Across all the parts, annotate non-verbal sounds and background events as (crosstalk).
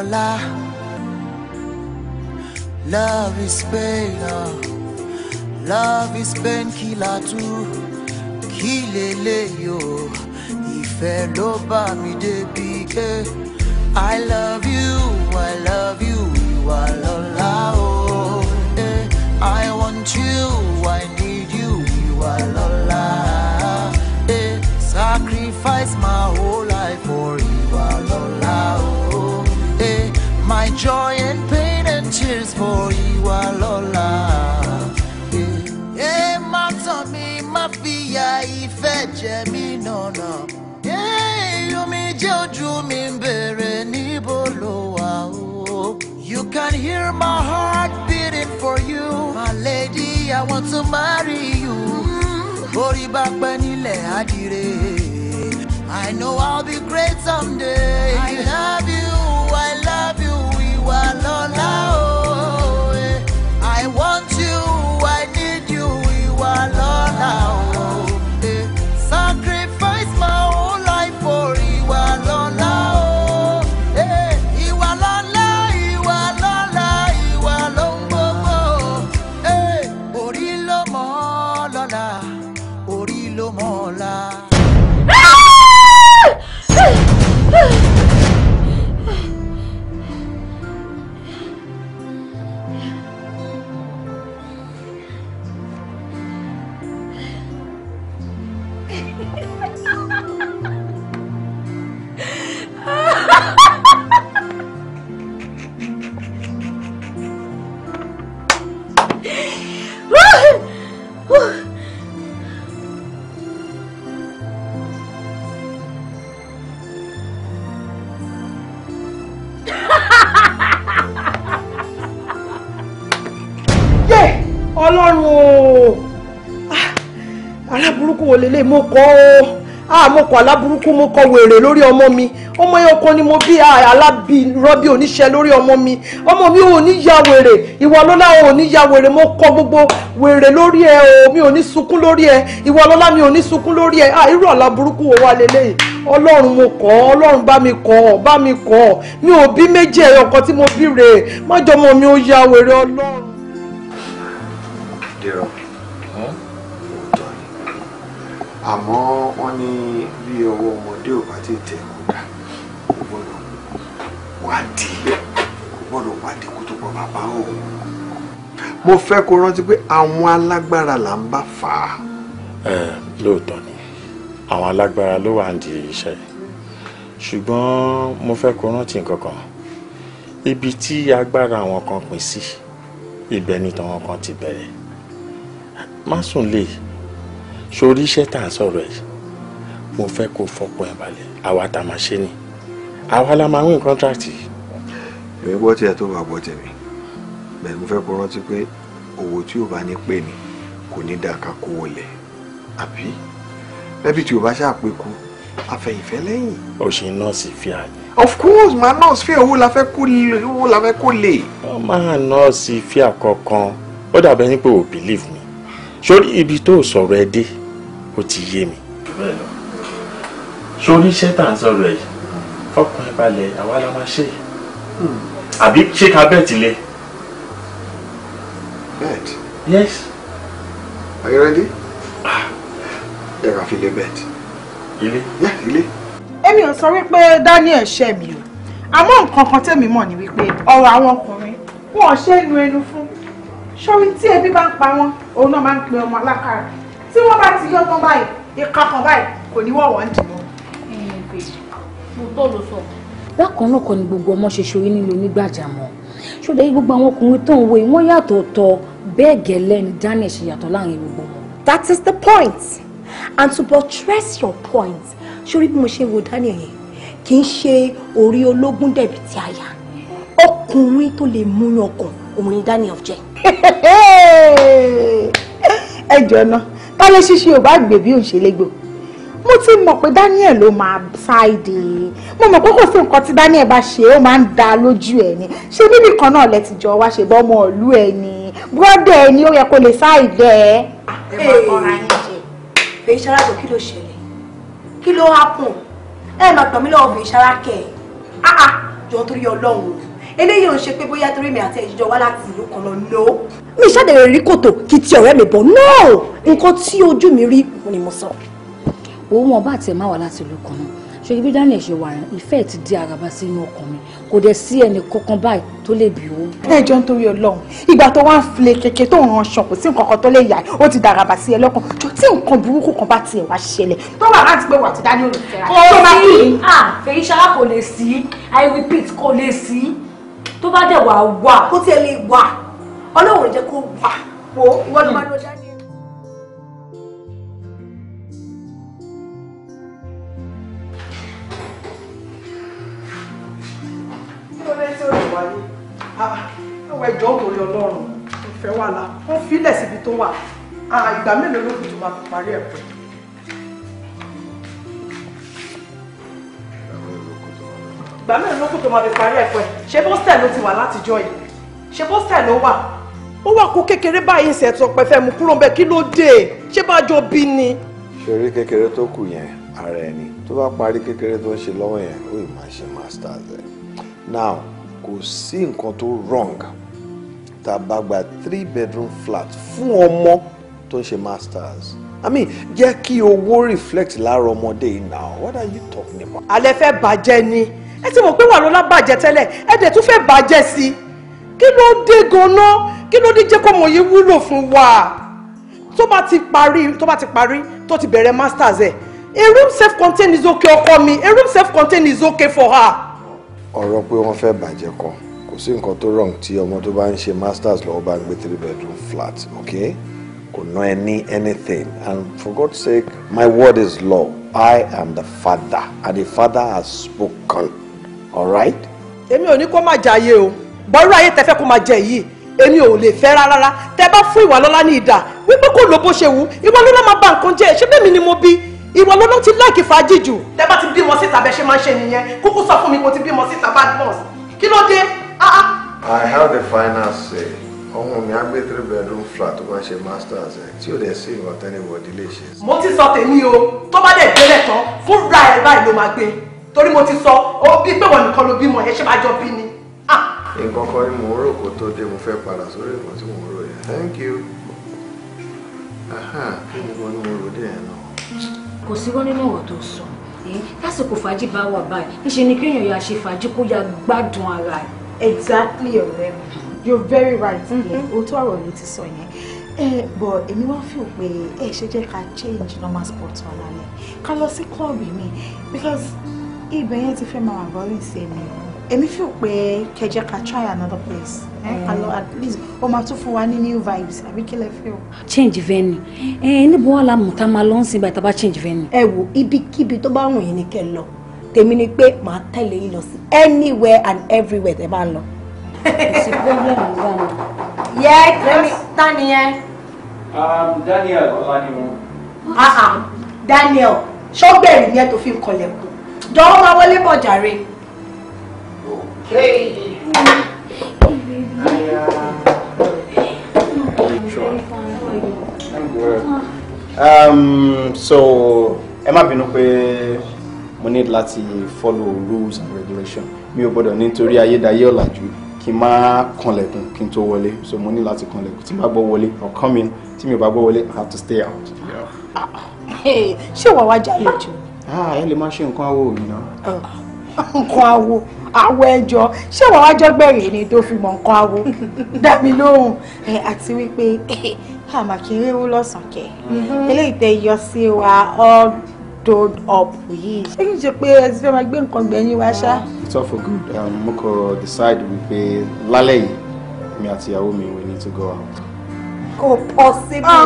Hola. Love is pain, love is painkiller too. Kilele yo, ìfẹ́ ló bá mi débi ké. I love you, I love you, ìwà lọ́la eh, I want you, I need you, ìwà lọ́la. can hear my heart beating for you. My lady, I want to marry you. Orí bá pẹ́ I know I'll be great someday. I love you, I love you, ìwà lọ́la o. ọlọ́run o ah, aláburúkú wo lélẹ̀ mo kọ́ o ah, mo kọ́ aláburúkú mo kọ́ wèrè lórí ọmọ mi ọmọ yẹn kan ni mo bí ah, alábi rọ́bì oníṣẹ́ lórí ọmọ mi ọmọ mi ò ní ya wèrè ìwọ lọ́lá ò ní ya wèrè mo kọ́ gbogbo wèrè lórí ẹ o mi ò ní sunkún lórí ẹ ìwọ lọ́lá mi ò ní sunkún lórí ẹ à irú aláburúkú wo wà lélẹ̀ ọlọ́run mo kọ́ ọlọ́run bá mi kọ́ bá mi kọ́ mi ò bí méjì ẹ̀yọ̀ kan tí mo bí rèé má jọmọ mi ó ya wèrè ọlọ́run dèrò òótọ́ ni àmọ́ wọ́n ní bí ọwọ́ ọmọdé ò bá ti tẹ̀ kó dà kò gbọ́dọ̀ wádìí kò gbọ́dọ̀ wádìí kó tó pọ̀ bàbá o mo fẹ́ kó rántí pé àwọn alágbára là ń bá fà á. ẹ lóòótọ́ ni àwọn alágbára ló wà ń di iṣẹ́ ṣùgbọ́n mo fẹ́ kó rántí nǹkan kan ibi tí agbára àwọn kan pín sí ibẹ̀ ni tàwọn kan ti bẹ̀rẹ̀ má sùn lè sórí iṣẹ́ tá à ń sọ̀rọ̀ ẹ̀ mo fẹ́ kó fọpọ̀ ẹ̀ balẹ̀ àwa tá a máa ṣe ni àwa la máa ń win contract. èmi gbọ́ tiẹ̀ tó bá gbọ́ tèmi bẹ́ẹ̀ mo fẹ́ kó rántí pé owó tí ò bá ní pè ní kò ní dáa kó wọlé àbí bẹ́bí tí ò bá ṣàpéku afẹ́yìnfẹ́ lẹ́yìn. o ṣe nọ́ọ̀sì fi àyè. of course ma nọ́ọ̀sì fi owó la fẹ́ kó lè. ó máa nọ́ọ̀sì fi àkọ́kan ó dàbẹ́ ní pé o believe me sórí ibi tó sọ̀rọ̀ ẹ dé ó ti yé mi. sórí iṣẹ́ tá à ń sọ̀rọ̀ ẹ̀ fọkàn ẹ balẹ̀ àwa la máa ṣe àbí ṣé ká bẹ́ẹ̀ tilẹ̀. bed. yes. are you ready. ah ẹ kà fi lé bet. ilé. yẹ ilé. èmi ò sọ wípé Daniel ṣẹ́ mi o àmọ́ nǹkan kan tẹ́mi mọ̀ ni wípé ọ̀rọ̀ àwọn ọkùnrin wọn ò ṣe é nu ẹnu fún sórí tí ebi bá ń pa wọn òun náà máa ń pe ọmọ alákàrà tí wọ́n bá ti yọ́ tán báyìí ìka kan báyìí kò ní wọ̀wọ́ ń dì mo tó ló sọ. bákan náà kọ́ ni gbogbo ọmọ ṣe ṣorí nílò onígbàjámọ̀ ṣọdẹ gbogbo àwọn ọkùnrin tó ń wo ìwọ́n yàtọ̀ ọ̀tọ̀ bẹ́ẹ̀ gẹ́lẹ́ ni Daniel ṣe yàtọ̀ láàrin gbogbo wọn. that is the point and to buttress your point ṣorí bí mo ṣe wo Daniel yẹn kì í ṣe orí ológun dẹ̀bi ti àyà ọkùnrin tó lè múyàn ọkàn òun ni Daniel jẹ́ ẹ jọ̀nà tálé ṣíṣe ò bá gbè bí òṣèlégbò mo ti mọ̀ pé Daniel ló máa ṣáìdì mo mọ̀ pé kò sí nǹkan tí Daniel bá ṣe ó máa ń da lójú ẹ̀ ni ṣé níbi kan náà lẹ ti jọ wá ṣe bọ́ ọmọ ìlú ẹ̀ ni búrọ́dẹ̀ ẹ̀ ni ó yẹ kó lè ṣáìdì ẹ̀. ẹ máa kọ́ ara yín jẹ fèyí ṣaláàbò kí ló ṣẹlẹ̀ kí ló hápùn ẹ máa tàn lọ́wọ́ fèyí ṣaláàkẹ́ ẹ̀ áà ah, ah, jọ torí Ọlọ́run eléyìí ò ń ṣe pé bóyá torí mi àti ìjọ wá láti ìlú kan lọ lọ. mi ṣàdéhùn rí kòtò kí ti ọ̀rẹ́ mi bọ̀ náà nǹkan tí ojú mi rí ni mo sọ. òun wọn bá tiẹ̀ má wà láti ìlú kan náà ṣèyí bí daniel ṣe wà rẹ ìfẹ́ ti di araba sínú ọkàn mi kò dẹ̀ sí ẹnì kankan báyìí tó lè bí owó. ẹ jọ ń torí Ọlọ́run ìgbà tó wá ń file kẹ̀kẹ́ tó ń ran aṣọ kò sí nǹkan kan tó lè yà ó ti daraba sí ẹ lọ́kàn jọ tí nǹkan burúkú kan bá tiẹ̀ wá ṣẹlẹ̀ tó wà láti pé wà ti daniel fẹ́ra. kò sí fèyí ṣara kò lè sí i repeat kò lè sí i. tó bá dẹ̀ wà wà kó tiẹ̀ lè wà ọlọ́run jẹ́ kó wà wo ìwọ́n ló máa lọ ah, ẹjọ́ ọlọ́run ìfẹ́ wà lá wọ́n síbi tó wà ah, ìgbà mélòó ló fi parí ẹ̀ ìgbà mélòó ló kù tó máa fi parí ẹ̀kọ́ ẹ̀ ṣé bọ́sítẹ̀ ló ti wà látijọ́ yìí ṣé bọ́sítẹ̀ ló wà. ó wà kó kékeré báyìí ṣe ẹ̀tọ́ pẹ̀fẹ́ mu kúrò bẹ́ẹ̀ kí ló dé ṣé bá jọ bí ni. ṣeré kékeré tó kù yẹn ara ẹni tó bá parí kékeré tó ń ṣe lọ́wọ́ yẹn ó ì máa ṣe masters ẹ̀ now kò sí nǹkan tó wrong tá a bá gba three bedroom flat fún ọmọ tó ń ṣe masters i mean jẹ́ kí owó reflect lára ọmọdé yìí now what are you talking about. alẹ́ fẹ́ bàjẹ́ ni ẹ ti mọ̀ pé wà lọ́la bàjẹ́ tẹ́lẹ̀ ẹ dẹ̀ tún fẹ́ bàjẹ́ sí i kí ló dé ganan kí ló dé jẹ́ kó ọmọ yìí wúlò fún wa tó bá ti parí tó bá ti parí tó ti bẹ̀rẹ̀ masters ẹ̀ a room self contained is okay ọkọ mi a room self contained is okay for her. ọ̀rọ̀ pé wọ́n fẹ́ bàjẹ́ kan kò sí nǹkan tó wrong tí ọmọ tó bá ń ṣe masters lọ́wọ́ bá ń gbé three bedroom flat okay kò ná ẹ ní anything and for God's sake my word is law I am the father and the father has spoken alright. èmi ò ní kó má jayé o bọ́rú ayé tẹ́fẹ́ kó má jẹ yìí èmi ò lè fẹ́ rárá tẹ́ bá fún ìwà lọ́lá ní ìdá wípé kò ló bó ṣe wù ìwà lọ́lá máa bà nǹkan jẹ́ ṣé bẹ́ẹ̀ mi ni mo bí ìwà lọ́lá ti láìkì fàájì jù. tẹ́ bá ti bímọ síta bẹ ṣe máa ṣe nìyẹn kúkú sọ fún mi kò ti bímọ síta bad boss kí ló dé. Ah, ah. I have the final say ọmọ mi á gbé three bedroom flat tó bá ṣe masters ẹ tí ò dẹ̀ sí ìwà tẹ́lẹ̀ wọ̀ dílé ṣe. mo ti sọ tèmi o tó bá dẹ̀ gbélé tán fúnra ẹ̀ báyìí ló máa gbé torí mo ti sọ ó bí pé wọn nìkan ló bímọ ẹ ṣe máa jọ bí ni. Ah! nǹkan kan ni mò rò kó tó dé mo fẹ́ padà sórí nǹkan tí mò rò yẹn thank you kí ni mo ní mo rò dé yẹn náà. kò sí wọn nínú ọ̀rọ̀ tó sọ lásìkò fàájì bá wà báyìí níṣẹ́ ni kéèyàn ya ṣe fàájì kó ya gbádùn ara ẹ̀. exactly ọ̀rẹ́ mi you're very right yẹn mm-hmm. òótọ́ ọ̀rọ̀ ló ti sọ yẹn ẹ èmi wá feel pé ẹ ṣe jẹ́ ká change normal sport wa lálẹ́ ká lọ sí club mi because ibẹ̀ yẹn ti fẹ́ máa wà bọ́ọ̀lì sí mi èmi fi pé kẹjẹ ká try another place ẹ eh, ká lọ at least ó máa tún fún wa ní new vibes àbí kí lẹ fẹ́ o. change venue ẹ eh, ẹ níbo wà lámù tá a máa lọ ń sin bàtà bá change venue. ẹ wo ibikíbi tó bá wùn yín ni kẹ́ lọ tèmi ni pé màá tẹ̀lé yín lọ sí anywhere and everywhere tẹ́ bá ń lọ. ìsìn problem nígbà náà. yẹ kí ta ni Daniel ọlá ni mo. Ah, ah. Daniel ṣọ́gbẹ̀rì ni ẹ tó fi ń kọlẹ̀kùn. Don't jọ̀wọ́ máa wọlé bọ̀ jàre. Um, so ẹ má bínú pé mo need to follow rules and regulation mi ò gbọ́dọ̀ nítorí ayédáyé ọ̀làjú kí n má kanlẹ̀kùn kí n tó wọlé so mo ní láti kanlẹ̀kùn tí n bá gbọ́ wọlé or come in tí mi ò bá gbọ́ wọlé I have to stay out. ṣé wàá wá jà lójú. Ah, ẹ lè má ṣe nǹkan awo mi náà. Ah. (laughs) nǹkan awo awo ẹjọ ṣé wàá wájọ gbẹ̀rẹ̀ ni tó fi mọ nǹkan awo (laughs) dá mi lóhùn àti wípé àmà kì í rírú lọ́sàn-án kẹ mhm. eléyìí tẹ yọ sí wa all dolled up yìí. ṣé kí n ṣe pé ẹ ti fẹ́ máa gbé nǹkan gbẹ̀yìn wa ṣá. Ah. it's all for good um, mo kọ decide wípé lálẹ́ yìí èmi àti ìyàwó mi we need to go out. kò possible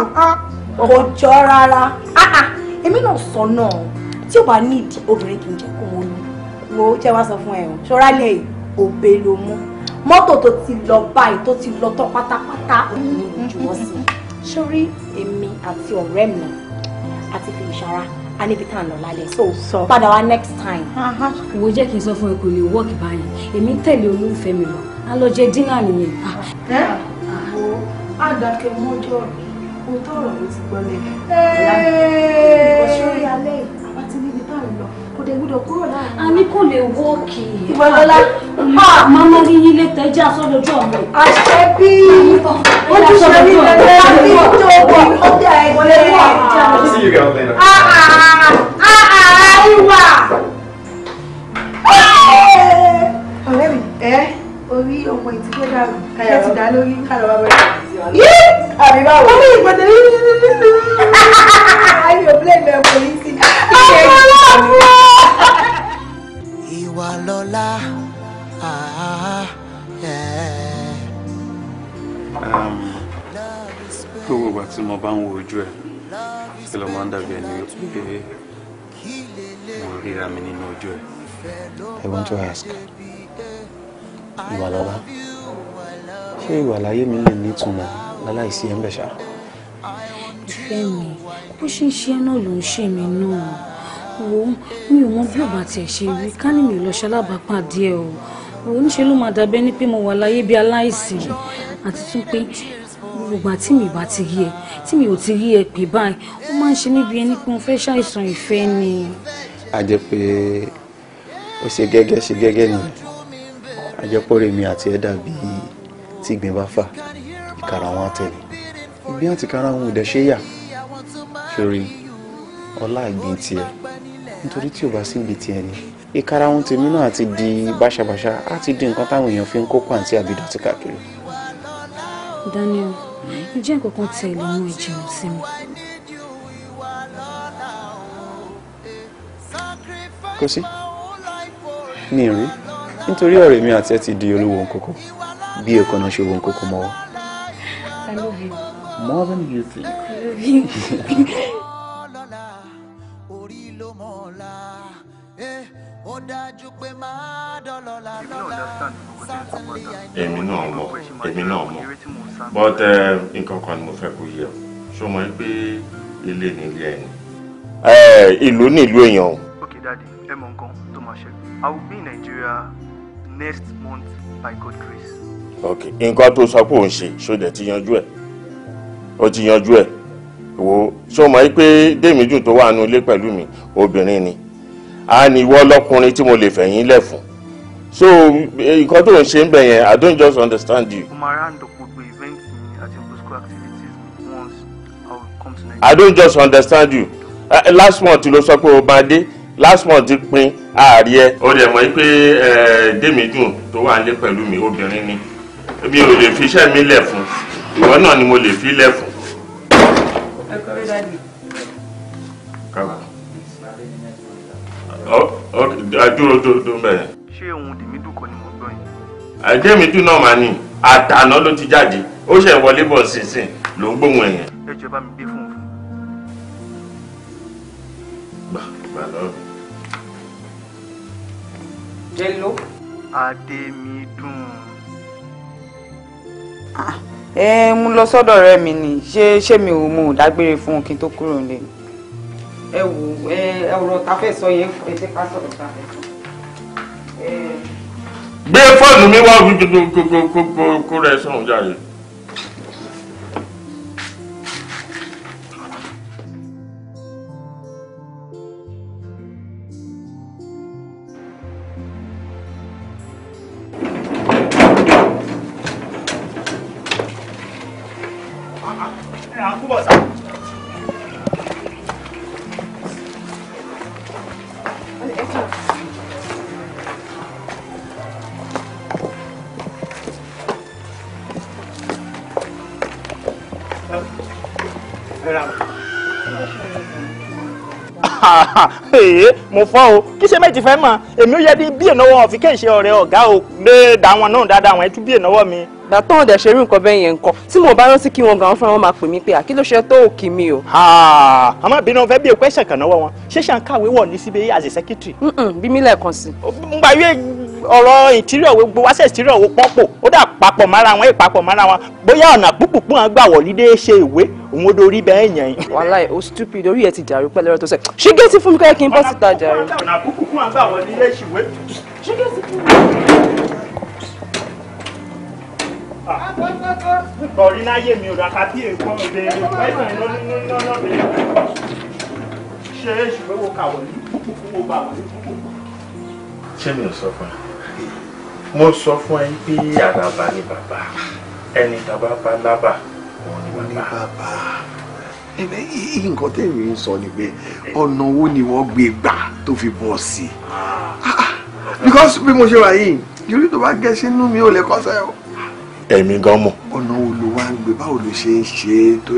kò jọ rárá èmi náà sọ náà tí ò bá ní ìdí obìnrin kì í jẹ́ kó mo lu mo jẹ́ wá sọ fún ẹ o ṣọ́ra lè òbe ló mú mọ́tò tó ti lọ báyìí tó ti lọ tán pátápátá òní ìjùwọ́ sí sórí èmi àti ọ̀rẹ́ mi àti fi ìṣara a níbi tá à ń lọ lálẹ́ so sọ padà wá next time. wo jẹ́ kí n sọ fún ẹ kò lè work báyìí èmi tẹ̀lé olólùfẹ́ mi lọ a lọ jẹ dínà nìyẹn. Ah. ẹ wo àdàkẹ́ mọ́jọ́ mi mo tọrọ mi ti gbọ́lẹ̀. ẹ̀ẹ́dẹ́gbẹ̀ṣọ́rí alẹ́ yìí dẹ̀ gbúdọ̀ kúrò láàrin. a ní kò lè wọ́ọ̀kì. ìwọlọ́lá màmá rí yín lè tẹ́jà sọ́dọ̀jú ọ̀mọ́. àṣẹ bí ó ti ṣe ní ẹgbẹ́ bí tó wọ̀ ó dẹ̀ ẹgbẹ́ wà. ìwà. ọ̀rẹ́ mi ẹ orí ọmọ ìtìkẹ́ dàrú ẹ ti dá lórí kálọ̀ bá bẹ̀rẹ̀ yìí àbí báwo. ọmọ ìgbọ̀dọ̀ yìí. ayọ̀ blame ẹ̀ pọ̀lìsì. ọmọ ọlọ́ ìwà lọ́lá um, gbogbo ìgbà mo bá ń wo ojú ẹ kí ló máa ń dàbí ẹni pé mo ríra mi nínú ojú ẹ. I want to ask ìwà lọ́lá ṣé ìwà láyé mi lè nítumọ̀ láláìsí ẹ̀ ń bẹ̀ ṣá. ìfẹ́ mi bó ṣe ń ṣe náà ló ń ṣe mí náà wo mi ò mọ bí ọba tiẹ̀ ṣe rí ká ní mi lọ ṣalábàápàdé ẹ o oníṣe ló máa dàbẹ́ ní pé mo wà láyé bí aláìsí àti tún pé gbogbo àti mi ìbá ti rí ẹ tí mi ò ti rí ẹ pè báyìí ó máa ń ṣe níbi ẹni pé mo fẹ́ ṣàìsàn ìfẹ́ ni. a jẹ pé ó ṣe gẹ́gẹ́ ṣe gẹ́gẹ́ nìyẹn a jẹ pọ́rẹ́ mi àti ẹ̀ dàbí tí ìgbín bá fà ìkàrà wọn àtẹ̀lé ìgbín àti ìkàrà wọn ò dẹ̀ ṣe yà ṣe rí i ọlá ìgbín tiẹ̀ nítorí tí o bá sí ìgbín tiẹ̀ ni ìkara ohun tèmi náà ti di báṣabàṣa á ti di nǹkan táwọn èèyàn fi ń kó pàǹtí àbídọ̀tí káàkiri. Daniel ǹjẹ́ nǹkan kan tẹ ìlú mú ìjìnlẹ̀ sí mi. kò sí ní ìrí nítorí ọ̀rẹ́ mi àti ẹ ti di olówó nkókó bí èkó náà ṣe wo nkókó mọ́wọ́. I love you. More than you think. I love you. (laughs) ó dájú pé máa dọ̀lọ́lá lọ́la èmi náà mọ̀ èmi náà mọ̀ but eh, nǹkan kan ni mo fẹ́ kó yẹ ọ ṣó mọ̀ pé ilé ni ilé ẹni. Eh, ìlú ni ìlú èèyàn o. okay daddy ẹ mọ nǹkan tó máa ṣe I will be in Nigeria next month by God grace. ok nǹkan tó sọ pé òun ṣe ṣó dẹ̀ ti yanjú ẹ̀ ó ti yanjú ẹ̀ wò ó ṣó mọ̀ pé dèmídùn tó wà nínú ilé pẹ̀lú mi obìnrin ni a ní ìwọ lọkùnrin tí mo lè fẹ̀yìn lẹ̀ fún so nǹkan tó ń ṣe ń bẹ̀ yẹn I don't just understand you. mo máa round up gbogbo events mi àti gbogbo school activities mi once I will come to Nigeria. I don't just understand you uh, last month ló sọ pé o máa dé last month pin ààrí ẹ. ó mọ̀ pé eh, Démídùn tó wà lé pẹ̀lú mi obìnrin ni mi ò lè fi iṣẹ́ mi lẹ̀ fún ìwọ náà ni mo lè fi lẹ̀ fún. ẹ kọ́ rí dáàbì. káàbọ̀ dúró dúró dúró bẹ́ẹ̀. ṣé ohun dèmídù kan ni mo gbọ́ yìí. àìjẹ́ mi dùn náà màá ní àtàná ló ti jáde ó ṣe wọlé bọ̀ sínsìn ló ń gbóhùn ẹ̀yẹn. ẹ jọ̀ọ́ bá mi gbé fún un. gbà gbà lọ́rùn. Hello. Adémídùn. Ah, ẹ mú lọ sọ́dọ̀ ọ̀rẹ́ mi ni ṣé ṣé mi ò mú un dágbére fún un kí n tó kúrò nílé ni ẹ wò ẹ ọ̀rọ̀ tá fẹ́ sọ yẹn ẹ jẹ́ ká sọ̀rọ̀ tá fẹ́ sọ. gbé fóònù mi wá gbogbo gbogbo gbogbo rẹ̀ sọ̀rọ̀ jáde. ee mo fọ́ o kí ṣe méjì fẹ́ mọ̀ èmi ó yẹ ní bí ìnáwó ọ̀fi kí n ṣe ọ̀rẹ́ ọ̀gá o lè dá wọn náà dáadáa wọn ẹ tún bí ìnáwó mi. bàtọ́ ọ̀dẹ̀ ṣe rí nǹkan bẹ́ẹ̀ yẹn nǹkan tí mo bá rántí kí wọn gan fúnra wọn máa pè mí pé àkí ló ṣe tó òkì mi o. àmọ́ bí náà fẹ́ bí èkó ẹ̀ṣẹ̀ kan náwó wọn ṣé ṣàǹkàwé wọ̀ ní síbi as a secretary. bí mi lẹ́ẹ̀kan sí. ngbà ọ̀rọ̀ interior gbogbo wá sẹ̀ interior wo pọ́pọ̀ ó dà papọ̀ mára wọn ìpapọ̀ mára wọn bóyá ọ̀nà púpùpù hàn gbà wọ̀lí dé ṣe ìwé òun ó dorí bẹ́ẹ̀ yẹn. wàláì o stupid orí ẹ ti dàrú pẹ̀lú ọ̀rọ̀ tó sẹ̀ ṣé géètì fún mi kọ́ kí n bọ́ síta jàre. ọ̀nà púpùpù hàn gbà wọ̀lí dé ṣe ìwé ṣé géètì fún mi. kọ̀rí láyé mi ò dàkà bí èkó mi mo sọ fún ẹ pé àdàbà ni bàbá ẹni tàbá bá lábà òun ni bàbá. nǹkan tẹ̀mí ń sọ ni pé ọ̀nà wo ni wọ́n gbé gbà tó fi bọ̀ sí i because bí mo ṣe wà yìí yorùbá tó bá gẹ sínú mi ò lè kọ́sẹ́ o ẹ̀mí gan mọ̀. ọ̀nà wo ló wá ń gbé báwo ló ṣe ń ṣe é tó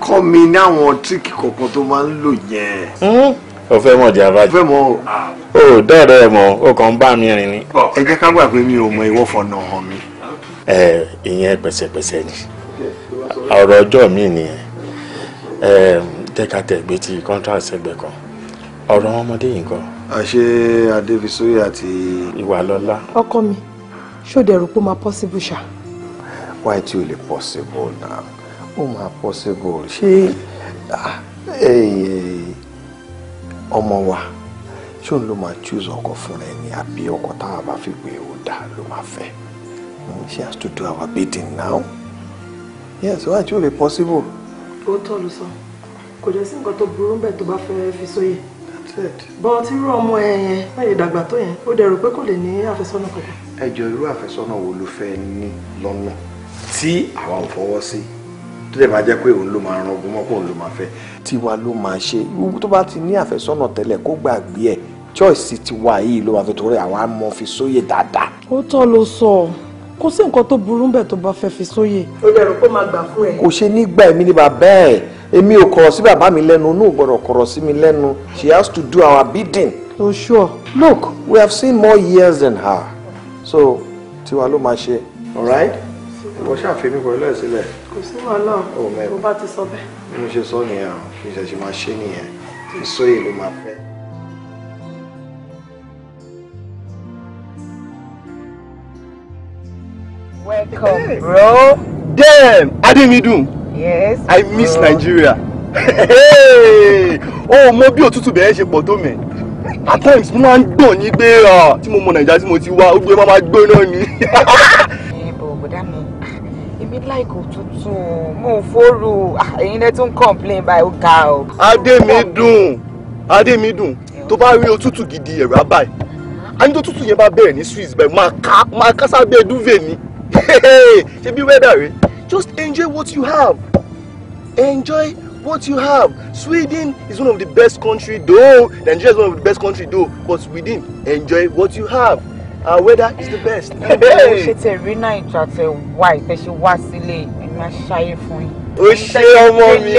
kọ́ mi ní àwọn tíríkì kọ̀ọ̀kan tó máa ń lò yẹn. Hmm? o fẹ́ mọ̀ jẹ́ abájú. o fẹ́ mọ̀ o. o dọ́ọ̀dọ̀ ẹ mọ̀ o kàn ń bá mi rìn ni. ẹ jẹ́ ká gbà pé mi ò mọ ìwọ fọ̀nà hàn mi. ẹ ìyẹn pẹ̀sẹ̀pẹ̀sẹ̀ ni ọ̀rọ̀ ọjọ́ mi nìyẹn ẹ jẹ́ ká tẹ̀ gbé ti contract ẹgbẹ́ kan ọ̀rọ̀ ọmọdé yìí kan. àṣé adébísóyè àti. ìwà lọ́lá. ọkọ mi ṣó dẹ̀ pé ó máa possible ṣá. why tí o lè possible now ó máa possible ṣé. Ah, eh, eh, ọmọ wa ṣé òun ló máa choose ọkọ fúnra ẹ ní àbí ọkọ táwọn bá fi pé ó dáa ló máa fẹ́ mm, she has to do our bidding now yes why ṣé ò lè possible. òótọ́ ló sọ kò jẹ́ sí nǹkan tó burú ń bẹ̀ tó bá fẹ́ fi sóye bọ́n tí irú ọmọ ẹ yẹn láyè dàgbà tó yẹn ó dẹ̀rù pé kò lè ní àfẹ́sọ́nà kankan. ẹ jọ irú àfẹ́sọ́nà wo ló fẹ́ ní lọ́nà tí àwa ò fọwọ́ sí tó dẹ̀ máa jẹ́ pé òun ló máa ran ogun mọ́ òun ló máa fẹ́. tiwa ló máa ṣe tó bá ti ní àfẹ́sọ́nà tẹ́lẹ̀ kó gbàgbé ẹ̀ choice tiwa yìí ló máa fi torí àwa mọ fi sóyè dáadáa. ó tọ́ ló sọ kò sí nǹkan tó burú bẹ́ẹ̀ tó bá fẹ́ fi sóyè. ó lè kó máa gbà fún ẹ. kò ṣe nígbà èmi ni bàbá ẹ èmi ò kọ̀rọ̀ sí bàbá mi lẹ́nu onú ò gbọ́dọ̀ kọ̀rọ̀ sí mi lẹ́nu she has to do our bidding. so sure look we have seen more years than her so tiwa ló máa ṣe. all right ìwọ ṣàfihàn mi pẹ̀lú ẹ̀ sílẹ̀ kò sí wàhálà o bá ti sọ bẹ́ẹ̀. mo ṣe sọ nìyẹn o kì í ṣe ṣe máa ṣe nìyẹn ìsóyè ló máa fẹ́. welcome bro. damn ademidun. yes i miss nigeria. o mọ bí òtútù bẹ́ẹ̀ ṣe pọ̀ tó mẹ́ at times mo máa ń gbọ̀n ní pé ah, tí mo mọ nàìjíríà tí mo ti wá ó gbé máa gbóná ni. ẹ bò mi mi láìkò òtútù mo ń fóru ah, ẹ̀yin lẹ́ tún complain by ó ga o. adé mi dùn adé mi dùn tó bá rí òtútù gidi ẹ̀rọ abáyé a ní tó tútù yẹn bá bẹ̀rẹ̀ ní swiss bẹ́ẹ̀ máa ká máa ká sábẹ́ duvet ni ṣe bí wẹ́dà rẹ just enjoy what you have enjoy what you have Sweden is one of the best country though Nigeria is one of the best country though but Sweden enjoy what you have our uh, weather is the best. ṣé tẹ̀ rí náà ìjọ àtẹ̀wá ìtẹ̀ṣe wá sílé ẹ̀yin aṣáyé fún yín o ṣe ọmọ mi.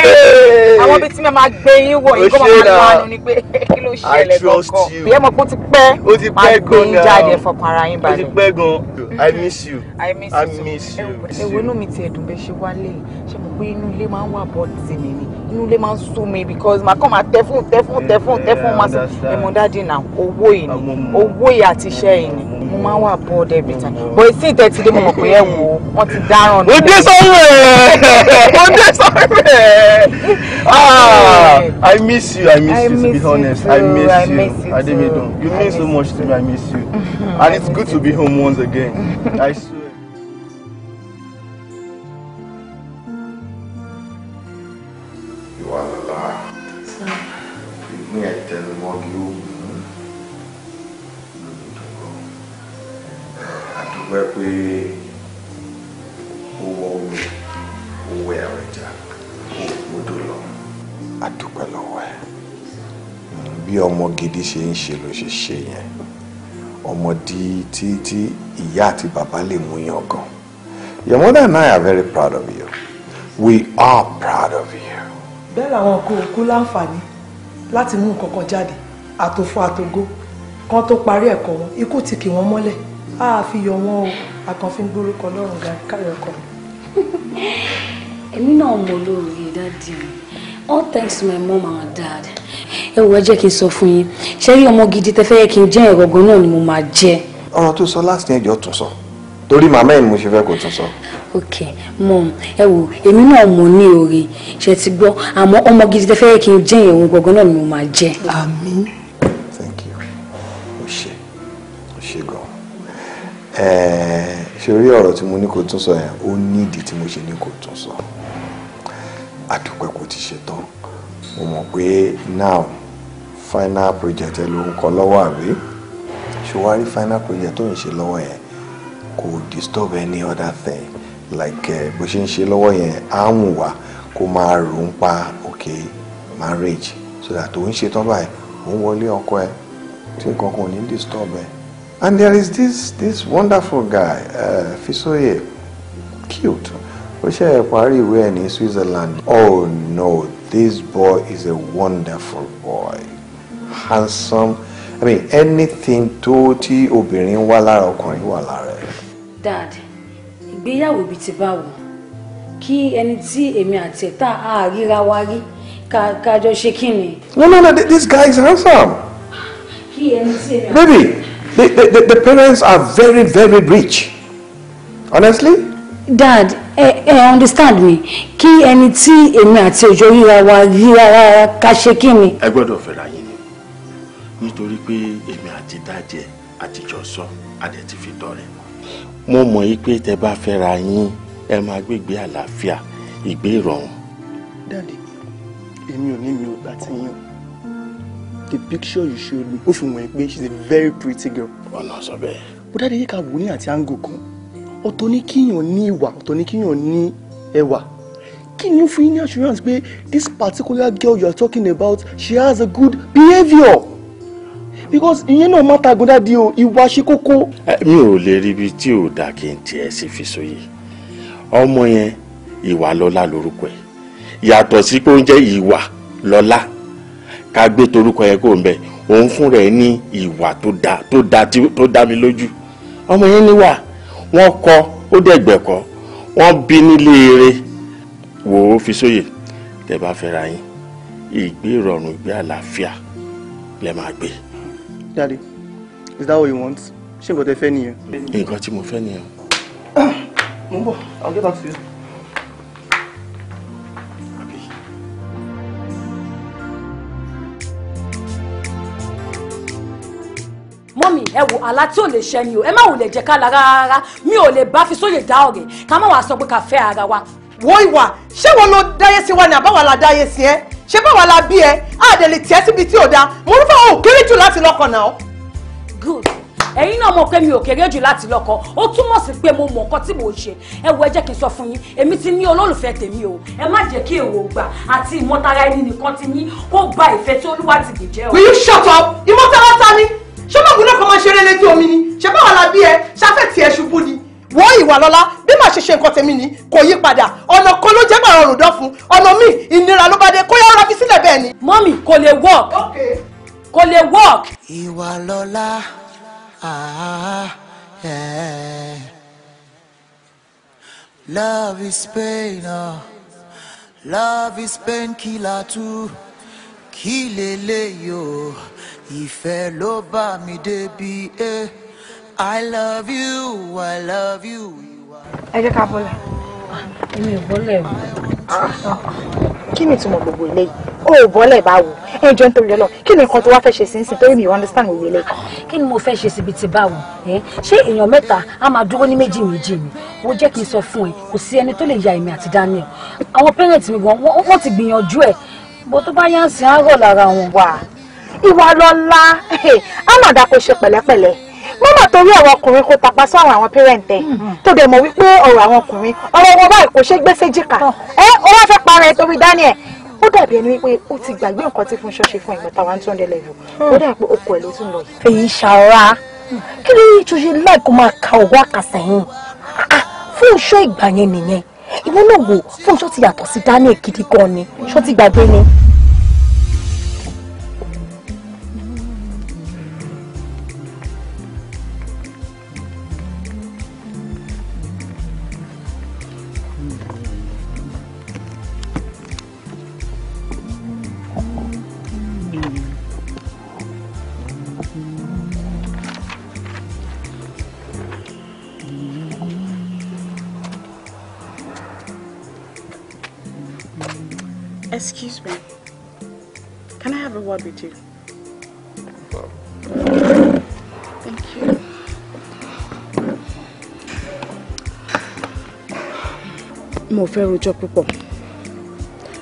(laughs) àwọn ibi tí mi máa gbé yín wọ̀ yín kó máa máa lánàá ni pé (laughs) kí ló ṣẹlẹ̀ kankan bí ẹ mọ̀ pé ó ti pẹ́ máa gbé yín jáde fọkàn yín balẹ̀. ó ti pẹ́ gan i mm-hmm. miss you i miss you. I miss you. inú mi ti ẹ̀dùn bẹ́ẹ̀ ṣe wálé ṣe mọ̀ pé inú ilé máa ń wà bọ́ọ̀tì mi ni inú ilé máa ń sú mi because màá kàn máa tẹ fún tẹ fún tẹ fún tẹ fún máa sọ ẹ̀mọ́ dáàdì náà owó ìní owó ìyá àti iṣẹ́ ìní mo máa wà bọ́ọ̀dẹ̀ bìtàn bọ̀ ìsìn ìtẹ̀tìlé mo mọ̀ pé ẹ̀ wò ó wọ́n ti dáràn. ó sọ́wọ́ ẹ̀. Wonder Sovereign. Ah, I miss you. I miss I you. Miss to be you honest, too. I miss I you. Miss you Ademido, you mean so much to me. I miss you, and it's good to be home once again. (laughs) I. Swear. ṣe ń ṣe ló ṣe ṣe yẹn ọmọdé tí tí ìyá àti bàbá lè mú yàn gan your mother and I are very proud of you we are proud of you. bẹ́ẹ̀ làwọn ọkọ òkú láǹfààní láti mú nǹkan kan jáde àtòfò àtògo kan tó parí ẹ̀kọ́ wọn ikú ti kì wọ́n mọ́lẹ̀ á fi yọ wọn o àkànfin gbórúkọ lọ́rùn káyọ̀ ọkọ èmi náà mọ̀ lórí dáàdi all thanks to my mom and dad ẹ wò ẹ jẹ́ kí n sọ fún yín ṣé rí ọmọ gidi tẹ fẹ́ yẹ kí n jẹ́ ẹ̀rọ gan náà ni mo máa jẹ́. ọ̀rọ̀ tó sọ láti ẹjọ́ tún sọ torí màmá ẹ̀ ni mo ṣe fẹ́ kó tún sọ. ok mom ẹ wò èmi náà mo ní oore ṣe ti gbọ́ àmọ́ ọmọ gidi tẹ fẹ́ yẹ kí n jẹ́ ẹ̀rọ gan náà ni mo máa jẹ́. àmín thank you o ṣe o ṣe gan ṣe rí ọ̀rọ̀ tí mo ní kó tún sọ yẹn ó ní ìdí tí mo ṣe ní kó tún sọ àdúpẹ́ kò ti ṣe tán mo mọ̀ pé now final project ẹ ló ń kọ lọ́wọ́ àbí ṣùwárí final project tó ń ṣe lọ́wọ́ yẹn kò disturb any other thing like eh, bó ṣe ń ṣe lọ́wọ́ yẹn á ń wà kó máa rò ń pa okay marriage so that òun ṣe tán báyìí òun wọlé ọkọ ẹ tí nǹkan kan ò ní disturb ẹ and there is this this wonderful guy uh, Fisoye cute ó ṣe parí ìwé ẹ̀ ní Switzerland oh no this boy is a wonderful boy handsome i mean anything tó tí obìnrin ń wá lára ọkùnrin wà lára ẹ. dad ìgbéyàwó bíi ti báwo kí ẹni tí èmi àti ẹ̀ta àríra wa rí kájọ ṣe kí ni. no no no this guy is handsome. kí ẹni tí èmi àti. baby the, the, the parents are very very rich honestly. dad ẹ ẹ understand me kí ẹni tí èmi àti òjò ríra wa ríra rárá ká ṣe kí ni. ẹ gbọ́dọ̀ fẹ́ra yín nítorí pé èmi àti dájẹ àtijọ́ sọ adẹ ti fi dọ̀rẹ́ mo mọ̀ yí pé tẹ bá fẹ́ra yín ẹ máa gbégbé àlàáfíà ìgbé ìrọ̀rùn. dáàdi èmi ò ní mi ò bá ti yàn the picture you showed me ó fi wọ̀nyí pé she's a very pretty girl. ọ̀nà sọ bẹ́ẹ̀. bó dáàdi yìí ká wò ní àti àǹgò kan ọ̀tọ̀ ní kíyàn ní ìwà ọ̀tọ̀ ní kíyàn ní ẹwà kí ni ó fi ní assurance pé this particular girl you are talking about she has a good behaviour because ìyẹn náà má tagun dáàdi o ìwà ṣe kókó. mi ò lè rí ibi tí ò dá kí n tiẹ̀ sì fi sóye ọmọ yẹn ìwà lọ́lá lórúkọ ẹ̀ yàtọ̀ sí pé ó ń jẹ́ ìwà lọ́lá ká gbé torúkọ yẹn kó ń bẹ òun fún rẹ̀ ní ìwà tó dá tó dá tó dá mi lójú ọmọ yẹn níwà wọ́n kọ́ ó dẹ̀gbẹ̀kọ́ wọ́n bí nílé eré wò ó fi sóye tẹ́ bá fẹ́ra yín ìgbé ìrọ̀rùn ìgbé àlàáfíà lẹ́ máa gbé. Daddy, is that what you want? She got a fẹ́ nìyẹn? Nǹkan tí mo fẹ́ nìyẹn. Mo ń I'll get back to you. mọ́mì ẹ wò àlá tí ò lè ṣẹ ni o ẹ má wò lè jẹ́ ká lára rárá mi ò lè bá fi sóyè dá ọ̀rẹ́ ka má wàá sọ pé ká fẹ́ ara wa. wo ìwà ṣé wọn ló dáyé sí wa ni àbáwá la dáyé sí ẹ ṣé báwa la bí ẹ àdè lè tiẹ́ síbi tí ò dáa mo rúfọ́ ò kéré jù láti lọ́kọ̀ náà. good ẹ̀yin náà mọ̀ pé mi ò kéré jù láti lọ́kọ ó túmọ̀ sí pé mo mọ̀ nǹkan tí mò ṣe ẹ wo ẹ jẹ́ kí n sọ fún yín èmi ti ní olólùfẹ́ tèmi o ẹ má jẹ́ kí èwo gbà àti ìmọ̀tara ẹni nìkan ti yín kó gba ìfẹ́ tí olúwa ti dè jẹ́ o. will you shut up ìmọ̀tara ta ni ṣé mọ̀gùn náà kọ́ máa ṣeré létí omi ni ṣé báwa la bí ẹ ṣáfẹ́ tiẹ̀ ṣubú ni wo ìwà lọ́lá bí màá ṣe ṣe nǹkan tèmi ni kò yí padà ọ̀nà kan ló jẹ́ pàrọ̀ rò dán fún ọ̀nà míì ìnira ló bá dé kó yára fi sílẹ̀ bẹ́ẹ̀ ni. mọ́mì kò lè work kò lè work. ìwà lọ́lá ah, eh. love is pain uh, love is pain killer too kí lélẹ́yìí o ìfẹ́ ló bá mi débi. Eh. I love you, I love you. Ẹ jẹ́ ká bọ́lá. Èmi ò bọ́lẹ̀ o. Kí ni ìtumọ̀ gbogbo eléyìí? O ò bọ́lẹ̀ báwo? Ẹ jọ ń torí Ọlọ́run. Kí ni nǹkan tó wá fẹ́ ṣe sí ń sìn torí mi ò understand gbogbo eléyìí? Kí ni mo fẹ́ ṣe síbi ti báwo? Ṣé èèyàn mẹ́ta á máa dúró ní méjì méjì ni? Wo jẹ́ kí n sọ fún ẹ, kò sí ẹni tó lè ya èmi àti Daniel. Àwọn parents mi gan, wọ́n ti gbìyànjú ẹ̀. Bó tó bá yá ń sìn á rọ̀ lára wọn. Wà ìwà lọ́la, á mà dáko ṣe pẹ̀lẹ́pẹ̀lẹ́ mọ́mọ́ torí ọ̀rọ̀ ọkùnrin kò tapá sọ́run àwọn pẹ́rẹ́ǹtẹ̀ hmm. hmm. tó dẹ̀ mọ̀ wípé ọ̀rọ̀ àwọn ọkùnrin ọ̀rọ̀ wọn báyìí kò ṣe gbèsè jìkà oh. ẹ ó wá fẹ́ para ẹ torí Daniel ó dàbí ẹni wípé ó ti gbàgbé nǹkan tí fún ṣọ́ọ̀ṣì fún ìgbà táwa ń tún délẹ̀ yìí ó hmm. dà pé okùn ẹ̀ ló tún lọ. èyí ṣàrà kí ló yìí tó ṣe láì kó máa ka ọwọ́ àkàsẹ̀yìn ah, ah, fún iṣẹ́ ìgbà yẹn nìyẹn ìwọ náà wò fún iṣẹ́ ti yàtọ̀ sí Daniel gidi gan ni ṣó ti gbàgbé ni. mo fẹ́ rojọ́ púpọ̀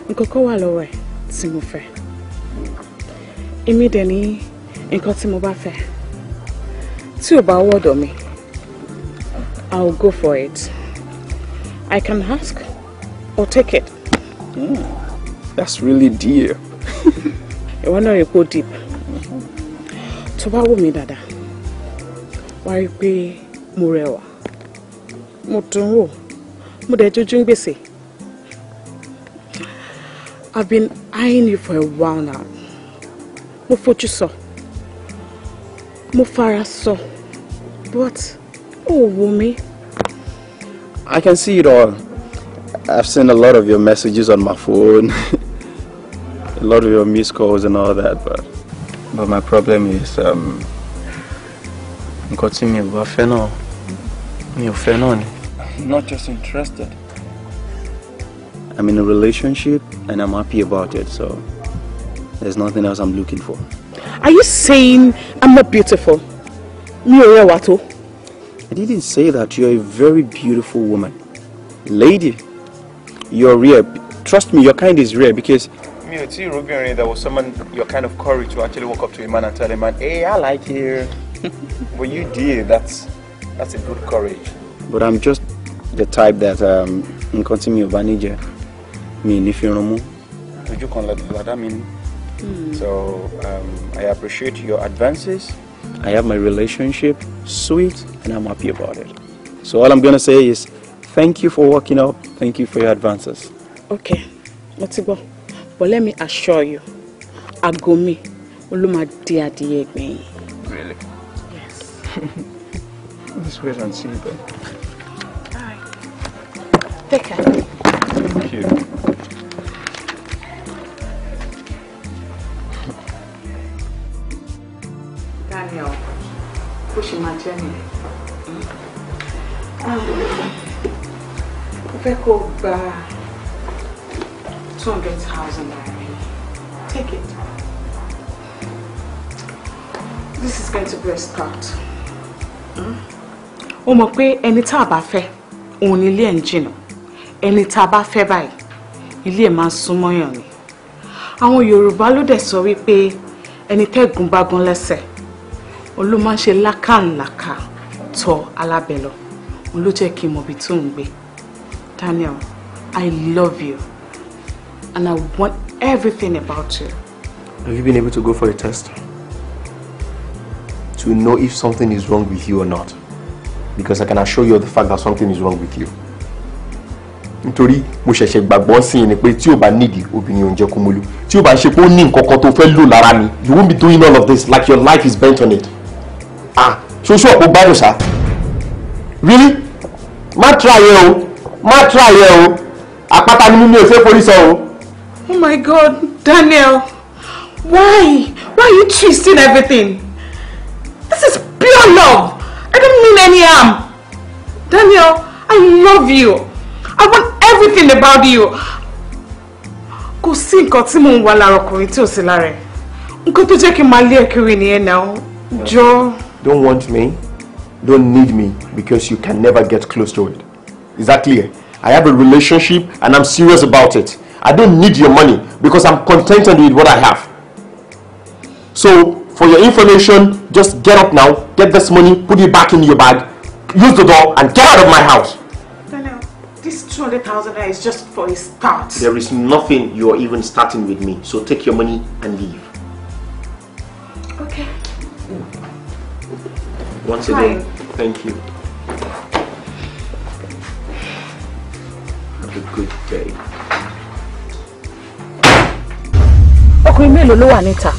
nǹkan kan wà lọ́wọ́ ẹ̀ tí mo fẹ́ èmi dẹ̀ ní nǹkan tí mo bá fẹ́ tí ò bá wọ̀dọ̀ mi I will go for it I can ask or take it. Mm, that's really dear. (laughs) ìwọ náà rí pò deep tó bá wù mí dáadáa wá rí pé mo rẹwà mo dùn wò mo dẹ̀ jójú gbèsè. I've been eyeing you for a while now. Mo fojú sọ. Mo fara sọ. But ó wò mí. I can see it all. I've seen a lot of your messages on my phone. (laughs) a lot of your missed calls and all that, but but my problem is um nǹkan tí mi ò bá fẹ́ náà mi ò fẹ́ náà ni. not just interested. I'm in a relationship and I'm happy about it, so there's nothing else I'm looking for. Are you saying I'm not beautiful? I didn't say that. You're a very beautiful woman. Lady, you're rare. Trust me, your kind is rare because me, it's you, Ruby, there was someone your kind of courage to actually walk up to a man and tell a man, "Hey, I like you." (laughs) but you did. That's that's a good courage. But I'm just the type that um, nǹkan tí mi ò bá ní jẹ mi ì ní fi run mú ojú kan ládá mi ní. Hmm. so um, I appreciate your advances. I have my relationship sweet and I'm happy about it. So all I'm gonna say is thank you for working up. Thank you for your advances. Okay, mo ti gbọ́ but let me assure you aago mi ló máa di adìyẹ gbẹ̀yìn. Really? Yes. Let's (laughs) wait and see then. Take Thank you. Daniel, bó my journey. jẹ́ mi? Ah, mo fẹ́ kó gba two hundred thousand naira. Take it. This is going to be a start. Hmm? Ó mọ̀ pé ẹni tá a bá fẹ́, òun ni ilé ẹ̀ ẹni tá a bá fẹ́ báyìí ilé ẹ̀ máa ń súnmọ́ yàn ni àwọn Yorùbá ló dẹ̀ sọ wípé ẹni tẹ́gùn bá lẹ́sẹ̀ òun máa ń ṣe lákàǹlàkà tọ alábẹ́ lọ òun jẹ́ kí n mọ̀ ibi tó ń gbé Daniel I love you and I want everything about you. Have you been able to go for a test? To know if something is wrong with you or not. Because I can assure you of the fact that something is wrong with you nítorí mo ṣẹ̀ṣẹ̀ gbàgbọ́ sí i ni pé tí o bá nídìí obìnrin oúnjẹ kó mo lu tí o bá ṣe pé ó ní nǹkan kan tó fẹ́ lò lára mi you won't be doing all of this like your life is bent on it ah ṣoṣo ọ̀pọ̀ gbádùn sá really má try ẹ o má try ẹ o àpáta ni mímú èsè forí sọ o. oh my god Daniel why why are you twisting everything this is pure love I don't mean any harm Daniel I love you. I want everything about you. Kò sí nǹkan tí mò ń wá ò sí lára ẹ̀. Nǹkan tó jẹ́ kí máa lé nìyẹn n le ekiri Don't want me, don't need me because you can never get close to it. Is that clear? I have a relationship and I'm serious about it. I don't need your money because I'm contented with what I have. So, for your information, just get up now, get this money, put it back in your bag, use the door and get out of my house. This 200,000 naira is just for a start. There is nothing you are even starting with me. So take your money and leave. Okay. Once Fine. again, thank you. Have a good day. Okay, me ló wà níta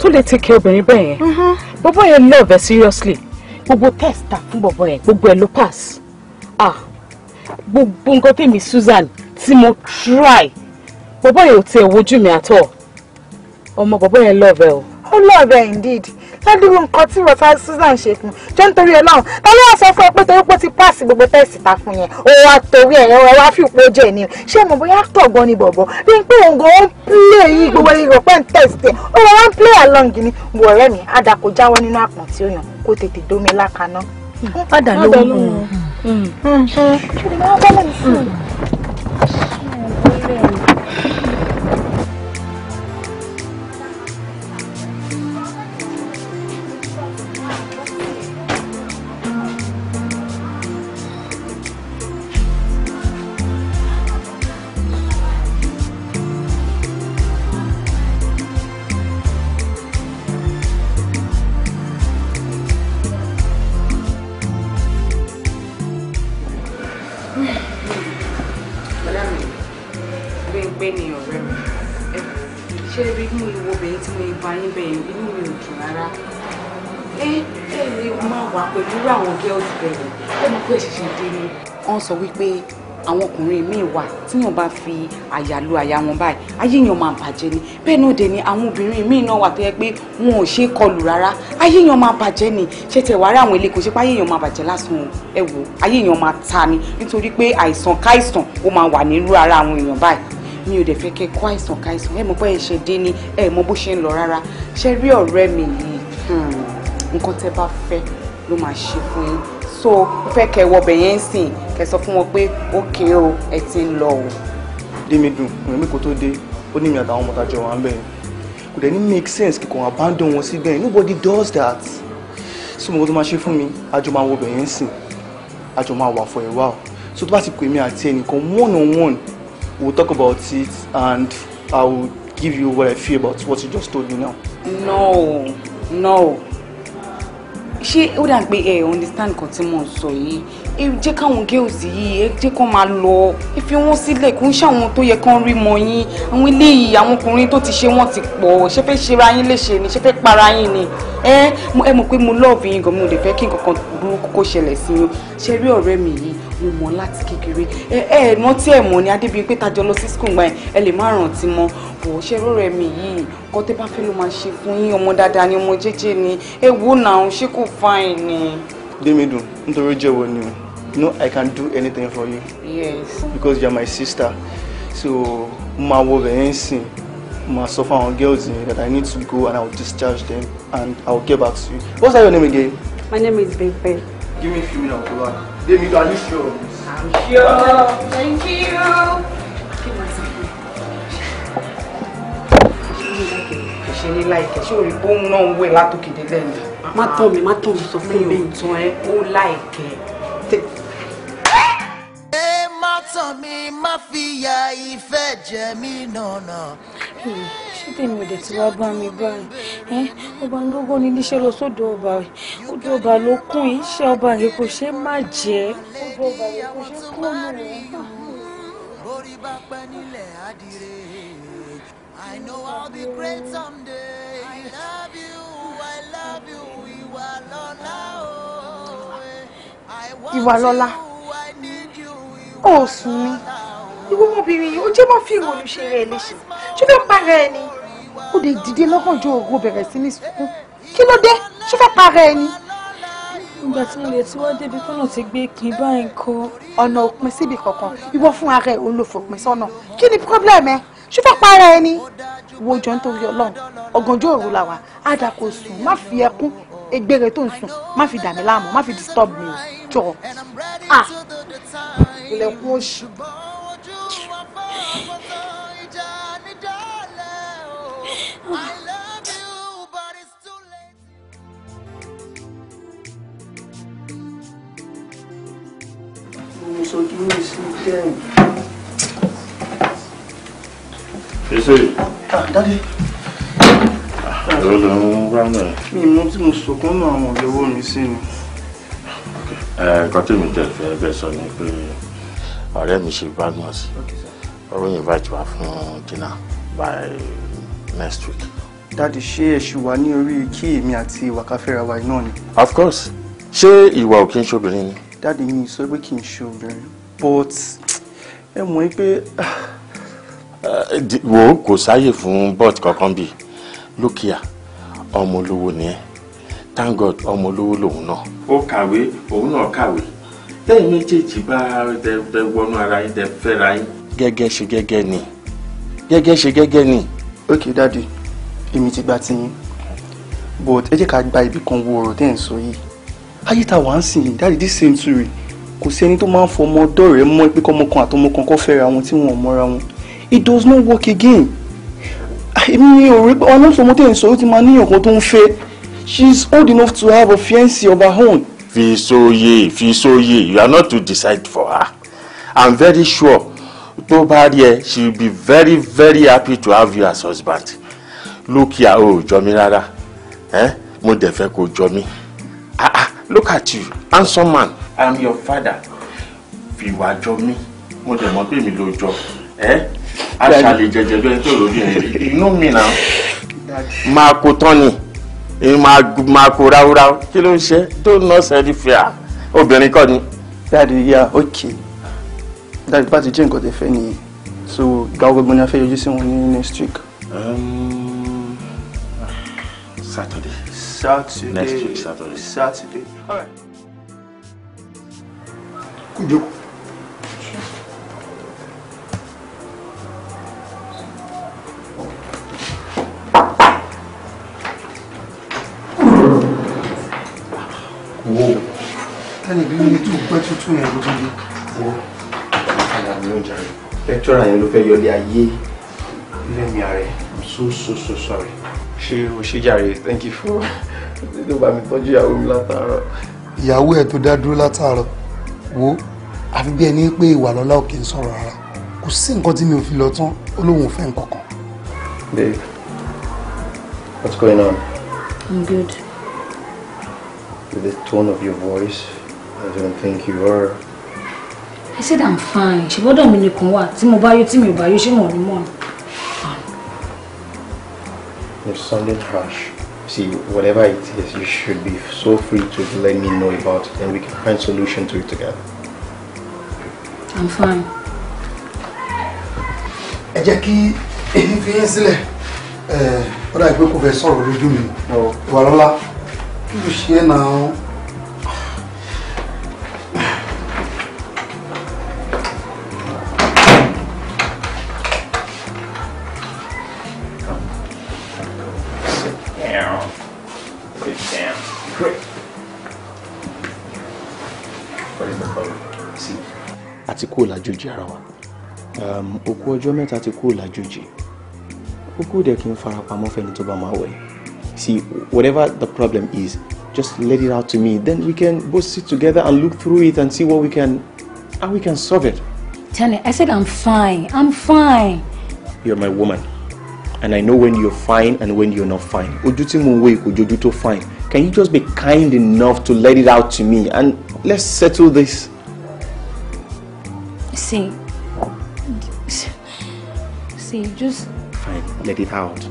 tó take care obìnrin bẹ́ẹ̀ yẹn? Mm-hmm. Bọ́bọ́ I love her seriously. Gbogbo test ta fún bọ̀bọ̀ yẹn pass. Ah gbogbo nǹkan tèmi Susan tí mo try bọ́bọ́ yẹn ò tiẹ̀ wojú mi àtọ̀ ọmọ bọ́bọ́ yẹn lọ́ọ̀bẹ o. ó lọ́ọ̀bẹ indeed lọ́dúnrún nǹkan tí rọ̀tà Susan ṣe fún jọ nítorí ẹ náà ta ló wà sọ fún ẹ pé torí pé ó ti pass gbogbo tẹ́sì ta fún yẹn ó wá torí ẹ ẹ wá fi ìpò jẹ ni ṣé mo bóyá tọ̀gbọ́n ni bọ̀bọ̀ bí n pé òun ó ń play yìí gbogbo ìrọ̀ pẹ́ ń tẹ̀sì ó wá ń play along ni wọ̀ ọ̀rẹ́ mi àdàkọ jáwọ́ nínú àpọ̀n tí ó yàn kó tètè dómi lákaná. ó hmm. padà lóhùn ṣe ṣe máa bọ́ mọ́ nísìnyí. sọ wípé àwọn ọkùnrin míì wà tíyàn bá fi àyà lu àyà wọn báyìí ayé yàn máa bàjẹ́ ni bẹ́ẹ̀ náà dé ni àwọn obìnrin míì náà wà tó yẹ pé wọn ò ṣe é kọlù rárá ayé yàn máa bàjẹ́ ni ṣé tẹ̀ wá rí àwọn ilé kò ṣe pé ayé yàn máa bàjẹ́ lásán ẹ wò ayé yàn máa ta ni nítorí pé àìsàn káìsàn ó máa wà nírú ara àwọn èèyàn báyìí mi ò dẹ̀ fẹ́ kẹ́ kó àìsàn káìsàn ẹ mọ̀ pé ẹ ṣe dé ni ẹ mọ̀ bó ṣe ń lọ rárá ṣe rí ọ̀rẹ́ mi yìí hmm, nǹkan tẹ́ bá fẹ́ ló máa ṣe fún yín so ó fẹ́ kẹ́ wọbẹ̀ yẹn sìn ẹ sọ fún wọn pé ó kéré o ẹ ti ń lọ o. dèmi dùn ìwé mi kò tó dé ó ní mi àtàwọn ọmọ tàjọ wà ń bẹ̀ kò dẹ̀ ní make sense kíkọ́ abandon wọn síbẹ̀ nobody does that so mo kó tó máa ṣe fún mi àjọ máa wo bẹ̀yẹn ń sìn àjọ máa wà for a while so tó bá ti pè mí àti ẹnìkan one on one we will talk about it and I will give you what I feel about what you just told me now. no no ṣé ó dà pé ẹ understand nǹkan tí mo sọ yìí ẹ jẹ́ káwọn girls yìí ẹ jẹ́ kán máa lọ ẹ fi wọ́n sílẹ̀ kó ń ṣàwọn tó yẹ kán rí mọ yín àwọn eléyìí àwọn ọkùnrin tó ti ṣe wọ́n ti pọ̀ ṣé fẹ́ ṣera yín léṣe ni ṣé fẹ́ para yín ni ẹ ẹ mọ̀ pé mo lọ́ọ̀bù yín gan mo lè fẹ́ kí nǹkan kan burúkú kó ṣẹlẹ̀ sí yín ṣe rí ọ̀rẹ́ mi yìí mo mọ̀ láti kékeré ẹ ẹ mọ̀ tí ẹ mọ̀ ni adébíyí pé tajọ lọ sí skul gbà ẹ lè má rántí mọ́ wò ó ṣe rọrẹ mi yìí kọ tẹ bá fẹ́ ló máa ṣe fún yín ọmọ dáadáa ni ọmọ jẹ́jẹ́ ni ẹ náà ṣé kò fáìn ni. démi dùn nítorí jẹ́wọ́ ni o you know I can do anything for you. Yes. Because you're my sister. So ma wo bẹ̀rẹ̀ ń sìn ma girls that I need to go and I will discharge them and I will get back to you. What's your name again? My name is Bebe. Give me a few minutes, I'll Ola. David, are you sure? I'm sure. Thank you. She didn't like it. She bóun náà ń wẹ̀ látòkè délẹ̀ ni. má tọ̀ mí má tọ̀ mí So fún mi. mi like it mi má fi ya ìfẹ́ jẹ mí nànà. ṣé tèmi ò dé tí wàá bá mi báyìí ọba ńlọgọ ni níṣẹ́ lọ sódò ọba odò ọba ló kún iṣẹ́ ọba rẹ kò ṣe má jẹ odò ọba rẹ kò ṣe kúrò lórí ọba. I know I'll be great someday I love you I love you ìwà lọ́la. Oh, eh. ìwà lọ́la ó sùn mí ìwọ ọmọbìnrin yìí ó jẹ́ mọ́ fíìmù olùṣe rẹ̀ léṣe ṣé fẹ́ para ẹ ni ó lè dìde lọ́gànjọ́ òru bẹ̀rẹ̀ sí ní sunkún kí ló dé ṣé fẹ́ para ẹ ni. nígbà tí mo lè ti wá débi kọ́nà ti gbé kí n bá ń kọ. ọ̀nà òpin síbi kankan ìwọ fún ara ẹ òun ló fòpin sọ́nà kí ni pírọ́blẹ̀mù ẹ ṣé fẹ́ para ẹ ni. wo jọ nítorí ọlọ́run ọ̀gànjọ́ òru làwà á dà kó sùn má fi ẹkún egbére tó ń sùn má fi dà mí láàmú má fi disturb mi o jọ ah ilẹ̀kùn oṣù. Ṣé Daddy. Àlọ́ ló ń wá náà. Mi mú tí mo sọkún náà àwọn ọ̀dọ́wọ́ mi sí ni. Ẹ̀ẹ́dẹ́gbọ́n mi tẹ̀ fẹ́ bẹ́ẹ̀ sọ ni pé ọ̀rẹ́ mi ṣe Badmus ọ̀rọ̀ yìí invite wa fún dinner by next week. dáàdi ṣé èṣù wà ní orí kí èmi àti ìwà káfẹ́ra wa náà ni. of course ṣé ìwà ò kí n ṣobìnrin ni. dáàdi mi sọ pé kì í ṣobìnrin but ẹ mọ̀ ẹ́ pé. Eh, wo kò sáàyè fún bọ́ọ̀tì kankan bíi lókìá ọmọ olówó ni ẹ thank god ọmọ olówó lòun náà. ó kàwé òun náà kàwé tẹ́yìn méjèèjì bá bẹ wọnú ara yín tẹ́ fẹ́ ra yín. gẹ́gẹ́ ṣe gẹ́gẹ́ ni gẹ́gẹ́ ṣe gẹ́gẹ́ ni. ok dadi èmi ti gba tiyín but ẹ jẹ́ ká gba ibì kan wo ọ̀rọ̀ tẹ́ ẹ̀ ń sọ yìí ayé ta wà ń sìn yìí dadi this century kò sí ẹni tó máa ń fọmọ ọ̀dọ̀ rẹ̀ mọ́ pé kọ́mọ kan àtọmọ kan kọ́ fẹ́ra wọn tí wọn ò mọ́ra wọn it does not work again èmi ò rí pé ọlọ́sọ̀mọ́tẹ̀ ń sọ ó ti máa níyàn kan tó ń fẹ́ she is old enough to have a fiancé of her own Fisoye Fisoye you are not to decide for her I'm very sure tó bá rí ẹ she will be very very happy to have you as husband look here o jọ mi Eh? mo dẹ̀ fẹ́ kó jọ mi ah ah look at you handsome man I'm your father fìwà jọ mi mo dẹ̀ mọ̀ pé mi ló jọ ẹ́ aṣàlè jẹjẹrẹ tó lórí ẹ̀ inú mi náà máa kó tán ni máa kó ráúráú kí ló ń ṣe tó ń nọ sẹ́ẹ̀lì fìyà obìnrin kọ́ ni. dáàdi ya ok dáàdi bá ti jẹ́ nǹkan tẹ́ fẹ́ nìyẹn so ìgbà gbogbo ni a fẹ́ yọjú sí wọn ní next week. Um, Saturday. Saturday. Next week Saturday. Saturday. All right. wo tẹ́lẹ̀ bí mi tún pẹ́ tuntun yẹn ló tún dé wo àyà mi ò jàre lẹ́kítọ́rà yẹn ló fẹ́ yọlé ayé lẹ́mìí ara ẹ̀ i'm so so so sorry ṣé o ṣe jàre thank you for ló (laughs) bá mi tọ́jú ìyàwó mi látàárọ̀. ìyàwó ẹ̀ tó dá dúró látàárọ̀ wo àfi bí ẹni pé ìwà lọ́lá ò kì í sọ̀rọ̀ rárá kò sí nǹkan tí mi ò fi lọ tán ó lóun ò fẹ́ nǹkan kan. babe what's going on. i'm good to the tone of your voice. I don't think you are. I said I'm fine. She wọ́dọ̀ mi You wà what? mo bá yó tí mi ò bá yó ṣé wọ́n ní mọ̀ You're sounding harsh. See, whatever it is, you should be so free to let me know about it and we can find solution to it together. I'm fine. Ẹ if kí èyí fi yín sílẹ̀. Ọ̀dà ìpé kò fẹ́ sọ̀rọ̀ lójú mi. Ìwà kí ló ṣe é náà. àti kúrò lájòjì ara wa um, òkú ọjọ́ mẹ́ta ti kúrò lájòjì òkú dẹ̀ kí n farapamọ́ fẹ́ni tó bá máa wẹ̀ yìí. See, whatever the problem is, just let it out to me. Then we can both sit together and look through it and see what we can, how we can solve it. Tanya, I said I'm fine. I'm fine. You're my woman. And I know when you're fine and when you're not fine. Ojuti Mungwe, fine. Can you just be kind enough to let it out to me and let's settle this? See, see, just. Fine, let it out.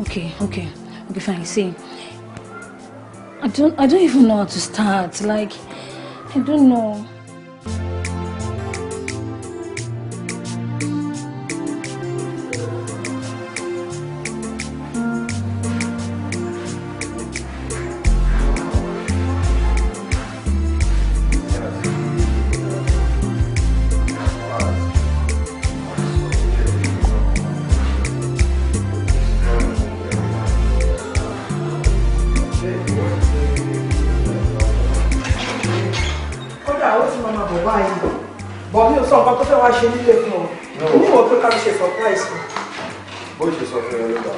Okay, okay. be fine. See, I don't, I don't even know how to start. Like, I don't know. yìí bọ̀ mi ò sọ nǹkan tó fẹ́ wá ṣe nílé fún ọ ní ìwọ pé ká ló ṣe surprise fún. bó ṣe sọ fún ẹ ló dà.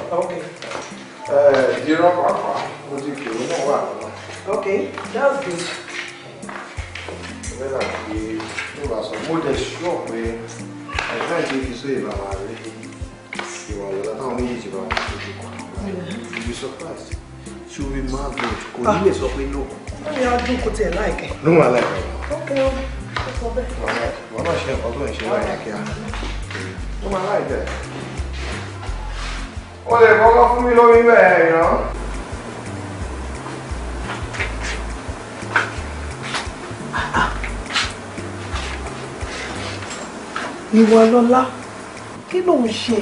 ẹ ìdírọ́ pàápàá mo ti kì í náà wà lọ́wọ́. ok that's good. ìwé náà fi nígbà sọ mo dẹ̀ ṣọ́ pé ẹ̀ka ìdí fi sóyè bàbá rẹ̀ ìwà lọ́la táwọn méjèèjì bá wà lójú kan. you be surprised she will be mad but kò ní ah. lè sọ pé no. wọ́n á dún kó tiẹ̀ láìpẹ́. ló wà láìpẹ́. ok. okay wọn náà ṣe nǹkan tó ń ṣe láyé kíá ó máa láì jẹ. o lè kọ́kọ́ fún mi lórí bẹ́ẹ̀ ìran. ìwọ lọlá kí ló ń ṣe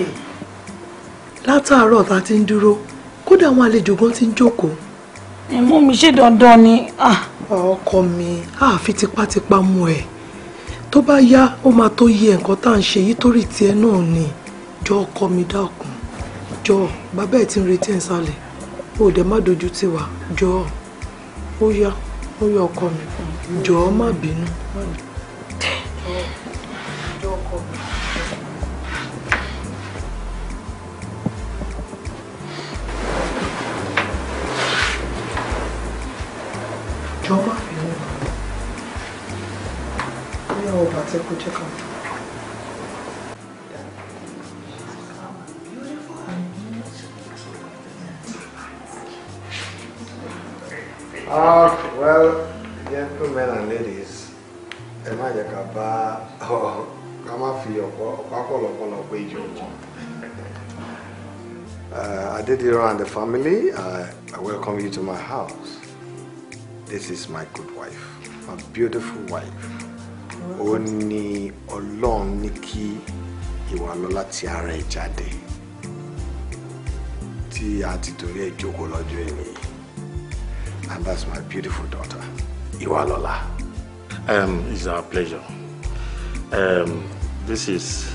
látàárọ̀ tá a ti ń dúró kódà àwọn àlejò gan ti ń jókòó ẹ mú mi ṣe dandan ni. Ah. ọkọ mi àfi tipátipá mú ẹ tó bá yá ó máa tó yẹ nǹkan tá à ń ṣe yìí torí tiẹ̀ náà ni jọ ọkọ mi dákun jọ bàbá ẹ ti ń retí ẹ sálẹ̀ ó dẹ má dojú tì wá jọ ó yá ó yá ọkọ mi jọ má bínú má bínú. That's a good chicken. Ah, oh, well, gentlemen and ladies, ẹ má jẹ́ ká bá (laughs) ká má fi ọ̀pọ̀lọpọ̀lọpọ̀ uh, the family, I, uh, I welcome you to my house. This is my good wife, my beautiful wife. ó ní ọlọ́run ní kí ìwà lọ́lá ti ara ẹ̀ jáde tí a ti torí ẹ̀ jókòó lọ́jọ́ ẹni and that's my beautiful daughter ìwà lọ́lá. Um, it's our pleasure. Um, this is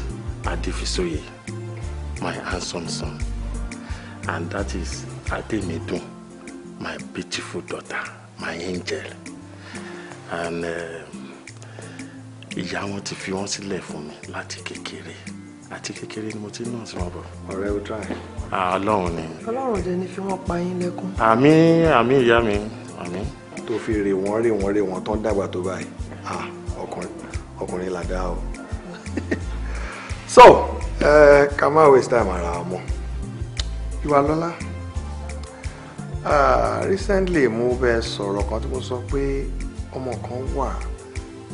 Adefisoye, my handsome son, and that is Ademidun, my beautiful daughter, my angel. And uh, ìyá wọn ti fi wọn sílẹ̀ fún mi láti kékeré àti kékeré ni mo ti nà sí wọn bọ̀. o try. ọlọ́run ni. ọlọ́run dẹ̀ ni fi wọ́n pa yín lẹ́kún. àmín àmín ìyá mi àmín. tó fi rè wọ́n rè wọ́n rè wọ́n tán dàgbà tó báyìí ọkùnrin ọkùnrin làdá o. so ká má waste time ara ọmọ ìwà lọ́lá recently mo bẹ sọ̀rọ̀ kan tí mo sọ pé ọmọ kan wà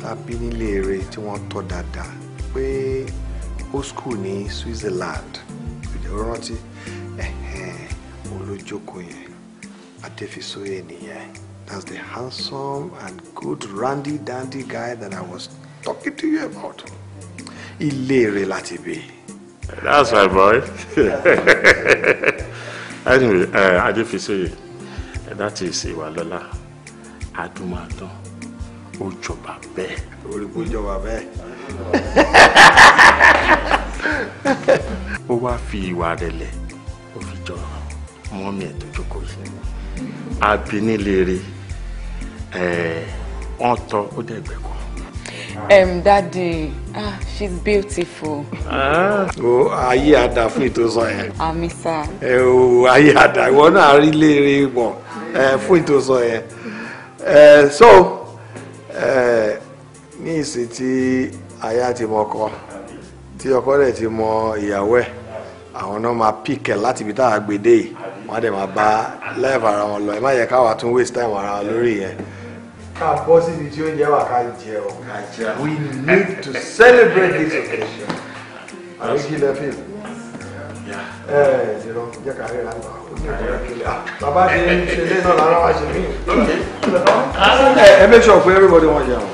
tàbí nílé rẹ tí wọ́n tọ́ dáadáa pé ó school ní Switzerland ìjọba rántí olójókòó yẹn adéfisóyè nìyẹn that's the handsome and good randy dandy guy that I was talking to you about ilé rẹ láti bí. that's my boy (laughs) anyway eh, adéfisóyè that is ìwà lọ́la adúmọ̀tán ó jọba bẹ́ẹ̀. orí kò jọba ó wáá fi ìwà rẹ̀ lẹ̀ ó fi jọ mọ́mí ẹ̀ tó jókòó yìí abinilere wọ́n tọ́ ó dẹ̀ gbẹ̀kọ́. Um, daddy, ah, she's beautiful. Ah, oh, ayé àdá fún ìtòsọ yẹn. Àmì ah, sá. Ẹ o, ayé àdá, ìwọ náà rí léèrè mọ̀ fún ìtòsọ yẹn. So, Eh, ní ìsìn tí aya ti mọ ọkọ tí ọkọ rẹ̀ ti mọ ìyàwó ẹ̀ àwọn náà máa pìkẹ̀ láti ibi táwọn gbèdé yìí wọ́n á dẹ̀ máa bá láìpẹ́ ara wọn lọ ẹ má yẹ káwa tún waste time ara wọn lórí yẹn. ká bọ́ síbi tí oúnjẹ wà ká jẹ ọ we need to celebrate this occasion. àríkí lẹ́fìn. ẹ ti ṣe ilé náà lára wá ṣe mí. ẹ make sure pé everybody wọn jẹun.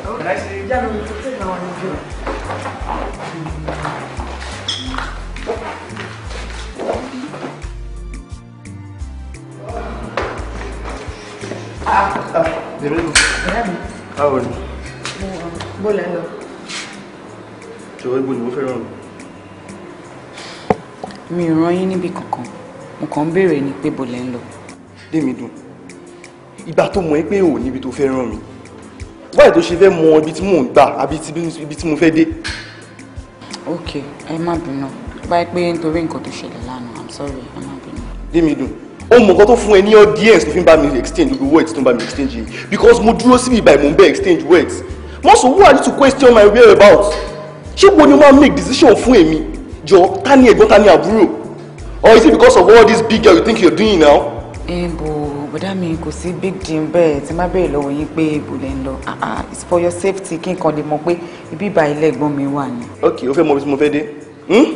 báwo ni. lọ. jọ̀wọ́ ibo ni fẹ́ràn mi ò rán yín níbi kankan mo kàn ń béèrè ni pé bolẹ̀ ń lọ. dèmi dùn ìgbà tó mọ̀ ẹ́ pé ò níbi tó fẹ́ ràn mí báyìí tó ṣe fẹ́ mọ ibi tí mò ń gbà àbí ibi tí mo fẹ́ dé. ok ẹ má bínú báyìí pé nítorí nǹkan tó ṣẹlẹ̀ lánàá i'm sorry ẹ má bínú. dèmi dùn ó mọ nǹkan tó fún ẹ ní audience tó fi ń bá mi exchange gbogbo words tó ń bá mi exchange yìí because mo dúró síbi ìbàyìí mo exchange words mo sọ who are you to question my whereabouts ṣé wo ni wọ́n á make decision fún èmi jọ ta ni ẹ̀gbọ́n ta ni àbúrò or is it because of all this big girl you think you're doing now. Ebo, bò bọ́dá mi kò sí big deal bẹ́ẹ̀ tí má bẹ̀rẹ̀ lọ́wọ́ yín pé ibo lẹ̀ ń lọ ah, ah, it's for your safety kí n kàn lè mọ̀ pé ibi ìbá ilé ẹ̀gbọ́n mi wà ni. ok o fẹ́ mọ bí mo fẹ́ dé hmm?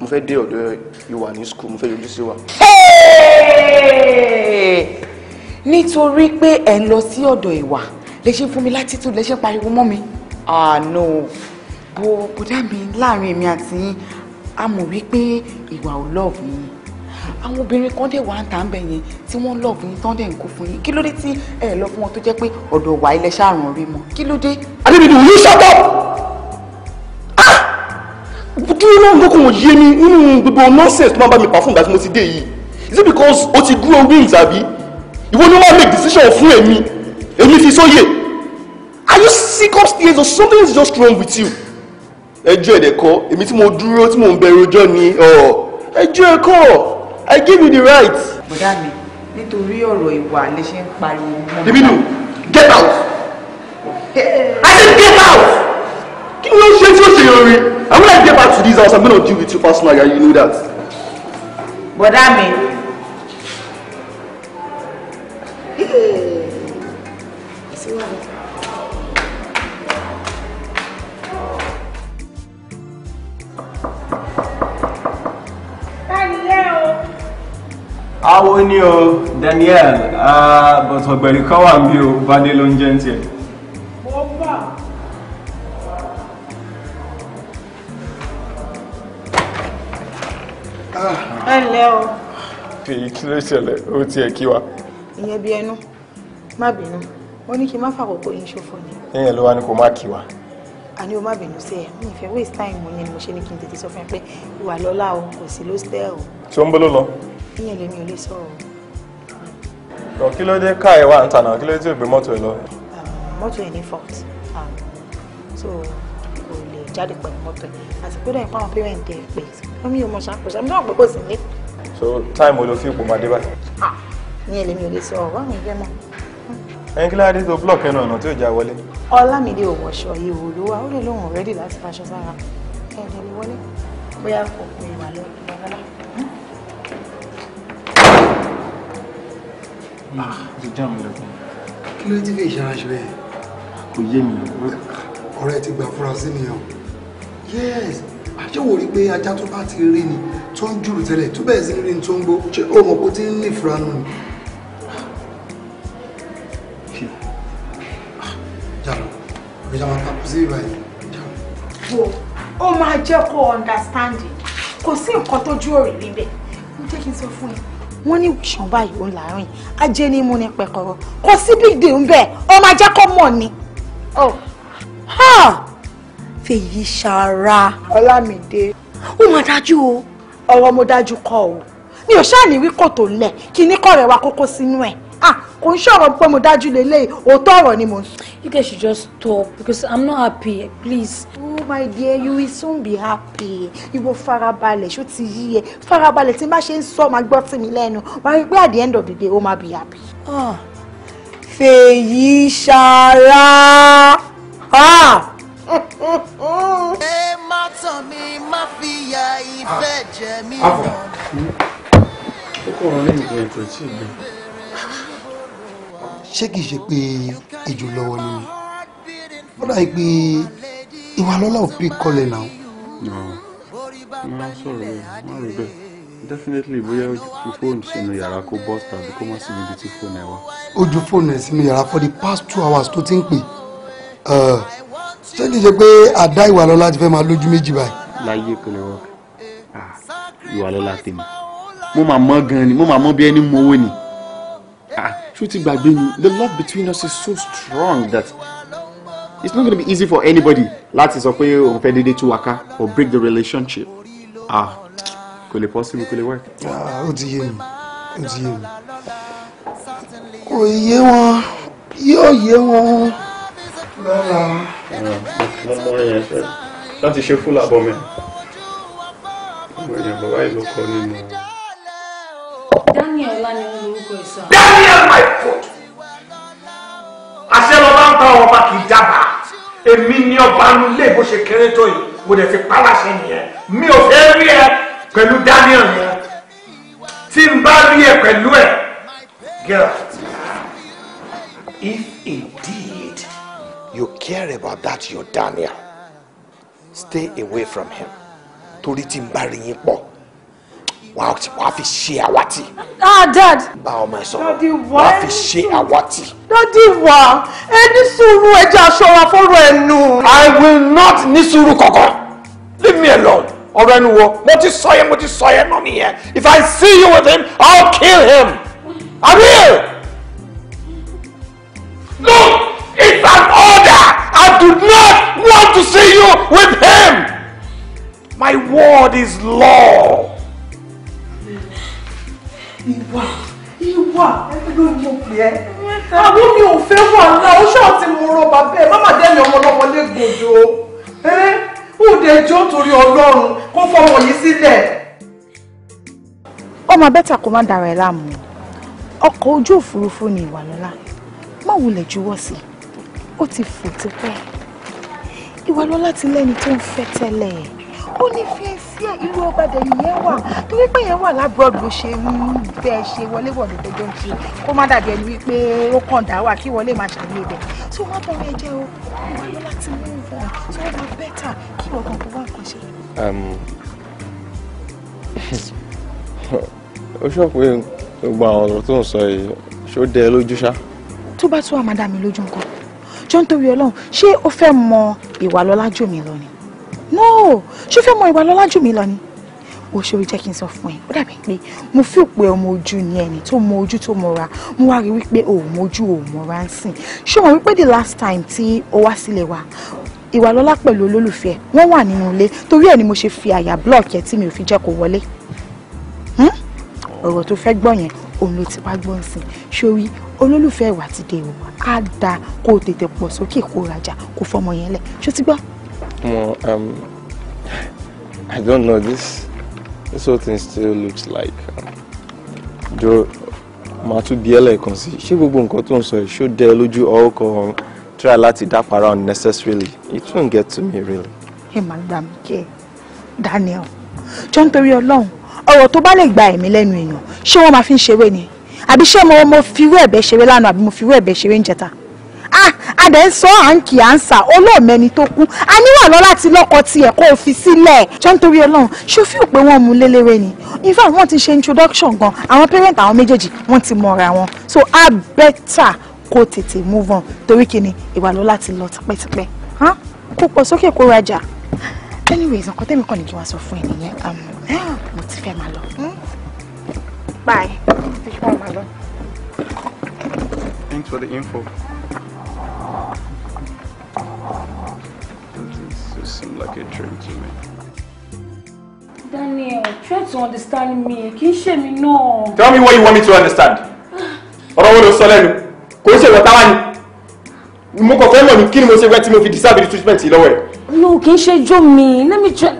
mo fẹ́ dé ọ̀dọ̀ ìwà ní school mo fẹ́ yọjú sí wa. nítorí pé ẹ̀ ń lọ sí ọ̀dọ̀ ìwà lè ṣe fún mi látìtù lè ṣe pariwo mọ́ mi. ah no wo bùdá mi láàrin èmi àti yín a mọ̀ wípé ìwà ò lọ́ọ̀bù yín àwọn obìnrin kan dẹ̀ wà ń tà ń bẹ̀ yẹn tí wọ́n lọ́ọ̀bù yín tán dẹ̀ ń kó fún yín kí ló dé tí ẹ lọ fún wọn tó jẹ́ pé ọ̀dọ̀ wà ilẹ̀ ṣàrùn rí mọ́ kí ló dé. adébíyí yìí ṣọ́tọ̀ kí ló ń gbókùn yé mi nínú gbogbo nonsense tó máa bá mi pa fún ìgbà tí mo ti dé yìí is it because o ti grow wings àbí ìwọ ni wọ́n make decision fún èmi èmi fi sóye are you sick stairs or something is just wrong with you ẹjọ́ ẹ̀dẹ̀ kọ́ èmi tí mo dúró tí mo ń bẹ̀rù ọjọ́ ni ẹjọ́ ẹ̀ kọ́ I give you the right. bọ̀dá mi nítorí ọ̀rọ̀ ìwà lè ṣe ń pariwo mọ́. get out I said get out kí ni wọ́n ṣe tí ó ṣe yọrọ I will not get back to this house I'm gonna deal with you personally you know that. bọ̀dá mi. awo ni o Daniel but ọ̀gbẹ̀rì kan wà bí o bade ló ń jẹ́ tiẹ̀. ẹ ǹlẹ́ o. èyí kí ló ṣẹlẹ̀ ó tiẹ̀ kí wa. ìyẹn bí ẹnu má bínú ó ní kí n má fàkókò yín ṣòfò ni. ẹ̀yìn ló wá ní kó má kí wa àní o má bínú sí ẹ mi ìfẹ́ waste time mo yẹn ni mo ṣe ní kí n tètè sọ fún ẹ pé ìwà lọ́la o kò sí lóstẹ́ẹ̀ o. ṣé ó ń bọ́ ló lọ. ìyẹn lèmi ò lè sọ o. ọ kí ló dé káà ẹ wà ń tà náà kí ló dé tí ò gbé mọ́tò ẹ lọ. Um, mọ́tò ẹ ní fault um, so kò lè jáde pẹ̀lú mọ́tò ẹ àti pé dẹ́yìn fáwọn parent ẹ pé wọ́n mi ò mọ̀ ṣàkóso àmì náà gbogbo sì ní. so time wo ló fi ipò máa dé báyìí. Ah, ìyẹn lèmi ò lè sọ ọ wọ́n mi fẹ́ mọ́ ẹn kí láti tó block ẹnu ọ̀nà tí ò já wọlé. ọlámídé ò wọṣọ yìí ò lówà ó lè lóhùn rẹ́dì láti faṣọ sára ẹ̀ẹ́dẹ̀ lè wọlé bóyá kò pé ìwà lọ́wọ́lá. kí ló ti fi ìṣarajù ẹ̀. kò yé mi. ọ̀rẹ́ ti gbà fúra sí nìyẹn yes àṣewò rí pé ajá tó bá ti rí ni tó ń jùrù tẹ́lẹ̀ tó bẹ́ẹ̀ sí rí ni tó ń gbó ṣé ó mọ̀ pé ó ti ń nífura nù ni. ìjà máa pa kò sí ìbá yìí. wo ó máa jẹ́ kó o understand kò sí nǹkan tó ju òrì níbẹ̀ mo jẹ́ kí n sọ fún ẹ wọ́n ní ìṣàn báyìí ó ń láàárín ajé ní mú ní pẹ̀kọ̀rọ̀ kò sí big deal ń bẹ̀ ó máa jẹ́ kó mọ̀ ni. Oh. fèyí ṣara ọlámìdé ó máa dájú o ọ̀rọ̀ mo dájú kọ́ o mi ò ṣáà ní wí kò tó lẹ̀ kí ní kọ́ rẹ̀ wá kókó sínú ẹ̀ ah kò ń ṣọ̀rọ̀ pé mo dájú lélẹ̀ òótọ́ ọ̀rọ̀ ni mo sọ. you guys should just stop because i'm not happy please. oh my dear you will soon be happy ìwọ farabalẹ̀ ṣó ti yí ẹ farabalẹ̀ tí n bá ṣe ń sọ máa gbọ́ sí mi lẹ́nu wàá rí pé at the end of the day ó máa be happy. Ah. fèyí ṣara. Ah! ẹ má tàn mí má fi ya ìfẹ́ jẹ mí. Ah. ó kọ̀ ọ́ lẹ́yìn tó ètò ìgbẹ́ ṣé kìí ṣe pé ejò lọ́wọ́ ni ó dà pé ìwà lọ́la ò pè kọlẹ̀ náà. máa sọ̀rọ̀ ẹ̀ má rí bẹ́ẹ̀ definitely bóyá ó ju fóònù sínú yàrá kó bọ́ọ̀sì tàbí kó má sí níbi tí fóònù ẹ̀ wá. ó ju fóònù ẹ̀ sínú yàrá for the past two hours tó ti ń pè ṣé kìí ṣe pé àdá ìwà lọ́la ti fẹ́ máa lójú méjì báyìí. láyé kò lè wọ ah, ìwà lọ́la tèmi mo máa mọ gan ni mo máa mọ bí ẹni mọ owó ni ah, ṣó ti ni the love between us is so strong that it's not gonna be easy for anybody láti sọ pé òun fẹ́ dédé tú wa or break the relationship ah kò lè possible kò lè work. Ah, ó ti yé mi ó ti yé mi kò yé wọn yóò yé wọn lọ́la. mo mọ ẹyẹ ṣe láti ṣe fúlà bọ mi ọmọ èèyàn bàbá yìí ló kọ nínú. Daniel ọlá ni wọn lórúkọ ìsọ. táwọn ọba kì í dábàá èmi ni ọba ń bó ṣe kéré tó yìí mo dẹ̀ ti pálàṣẹ nìyẹn mi ò fẹ́ rí ẹ pẹ̀lú Daniel yẹn tí n bá rí ẹ pẹ̀lú ẹ girl if indeed you care about that your Daniel stay away from him torí tí n bá rí yín pọ̀ wà á fi ṣe àwátì. ah dad. bá ọmọ ẹ sọ̀rọ̀ wà á fi ṣe àwátì. dadi wa ẹ ní sùúrù ẹjẹ aṣọra fọ́rọ̀ ẹnu. i will not ní sùúrù kankan leave me alone ọ̀rọ̀ ẹnu wo mo ti sọ yẹn mo ti sọ yẹn náà nìyẹn if i see you with him i will kill him i will. no it's an order i do not want to see you with him my word is law ìwà ìwà ẹgbẹ́ mo pè ẹ́ àwọn mi ò fẹ́ wà náà ó ṣáà ti mú rọ bàbá ẹ má má dẹ́yìn ọmọ lọ́wọ́ légbodò òdejọ́ torí ọlọ́run kó fọmọ yìí sílẹ̀. ọmọ bẹ́tà kó má dara ẹ̀ láàmú ọkọ̀ ojú òfurufú ni ìwàlọ́lá má wulẹ̀ juwọ́ sí i ó ti fò tipẹ́ ìwàlọ́lá ti lẹ́ni tó ń fẹ́ tẹ́lẹ̀ ẹ̀ ó nífẹ̀ẹ́ sí ẹ ìlú ọba dẹ̀yìn yẹn wà torí pé yẹn wà lábúrọ̀dù ló ṣe ń bẹ́ẹ̀ ṣe wọléwọ̀dù tó jọ ń ṣe kó má dàbí ẹni wípé ó kàn dá wà kí wọlé máa ṣàlẹ́ ibẹ̀ tí wọ́n tọrọ ẹ jẹ́ o ìdílé láti mú ìfọ̀n tí wọ́n máa bẹ́tà kí ọkàn kó wá nǹkan ṣe. (laughs) ó sọ pé gbogbo àwọn ọ̀rọ̀ tó ń sọ yìí ṣó dẹ lójú ṣá. tó bá tún àmàdà mi lójú nǹkan jọ́ nítorí ọlọ́run ṣé o fẹ́ mọ ìwà lọ́lájò mi lọ ni no ṣé fẹ́ mọ ìwà lọ́lá jù mí lọ ni o ṣe o jẹ́ kí n sọ fún ẹ ó dàbí pé mo fi òpè ọmọ ojú ni ẹni tó mọ ojú tó mọra mo wá rí wípé o ò mọjú o ò mọra ṣé o mọ wípé the last time tí o wá sílẹ̀ wa ìwà lọ́lá pẹ̀lú olólùfẹ́ wọ́n wà nínú ilé torí ẹ̀ ni mo ṣe fi àyà blọọkì ẹ tí mi ò fi jẹ́ kó wọlé hmm? ọ̀rọ̀ tó fẹ́ gbọ́ yẹn òun ló ti wá gbọ́n sìn sórí olólùfẹ́ ìwà ti dé o á dáa kó o tètè pọ̀ sókè kó rajà kó fọmọ yẹn lẹ̀ ṣó ti gbọ́. More, um, I don't know. This this whole thing still looks like. Um, jo, máa tún bí ẹlẹ́ẹ̀kan e sí. Ṣé gbogbo nǹkan she ń sọ yìí ṣó dẹ lójú ọkọ̀ try láti dá around necessarily. It won't get to me really. Hey, madam, K. mí jẹ́ Daniel. Jọ́ nítorí Ọlọ́run, ọ̀rọ̀ tó bá lè gba ẹ̀mí lẹ́nu èèyàn, ṣé wọ́n máa fi ń ṣeré ni? Àbí ṣé mo mo fi irú ẹ̀bẹ̀ ṣeré lánàá àbí mo fi irú be ṣeré ń jẹta? Ah! dẹ̀ ń sọ à ń kì à ń sà olóòmẹni tó kú a níwà lọ láti lọ́kọ tiẹ̀ kó o fi sílẹ̀ jọ́ nítorí ọlọ́run ṣó fíò pé wọ́n mú lélẹ́rẹ́ ni in fact wọ́n ti ṣe introduction gan àwọn parent àwọn méjèèjì wọ́n ti mọ̀ra wọn so a better kó tètè move on torí kíni ìwà lọ láti lọ tipẹ́tipẹ́ kó pọ̀ sókè kó rajà anyways nǹkan tẹ́mi kàn ní kí wọ́n sọ fún ẹ um, mo ti fẹ́ máa lọ. Hmm? bye. thanks for the info. like a dream to me. Daniel, try to understand me. Kì í me no. Tell me what you want me to understand. Or I ló sọ lẹ́nu? Kò ń ṣe ìwọ̀n táwa ni. Mo kàn fẹ́ mọ̀ ní kí ni mo ṣe wẹ́ tí mo fi deserve the treatment lọ́wọ́ ẹ̀. No, kì í ṣe jó mi. Let me try.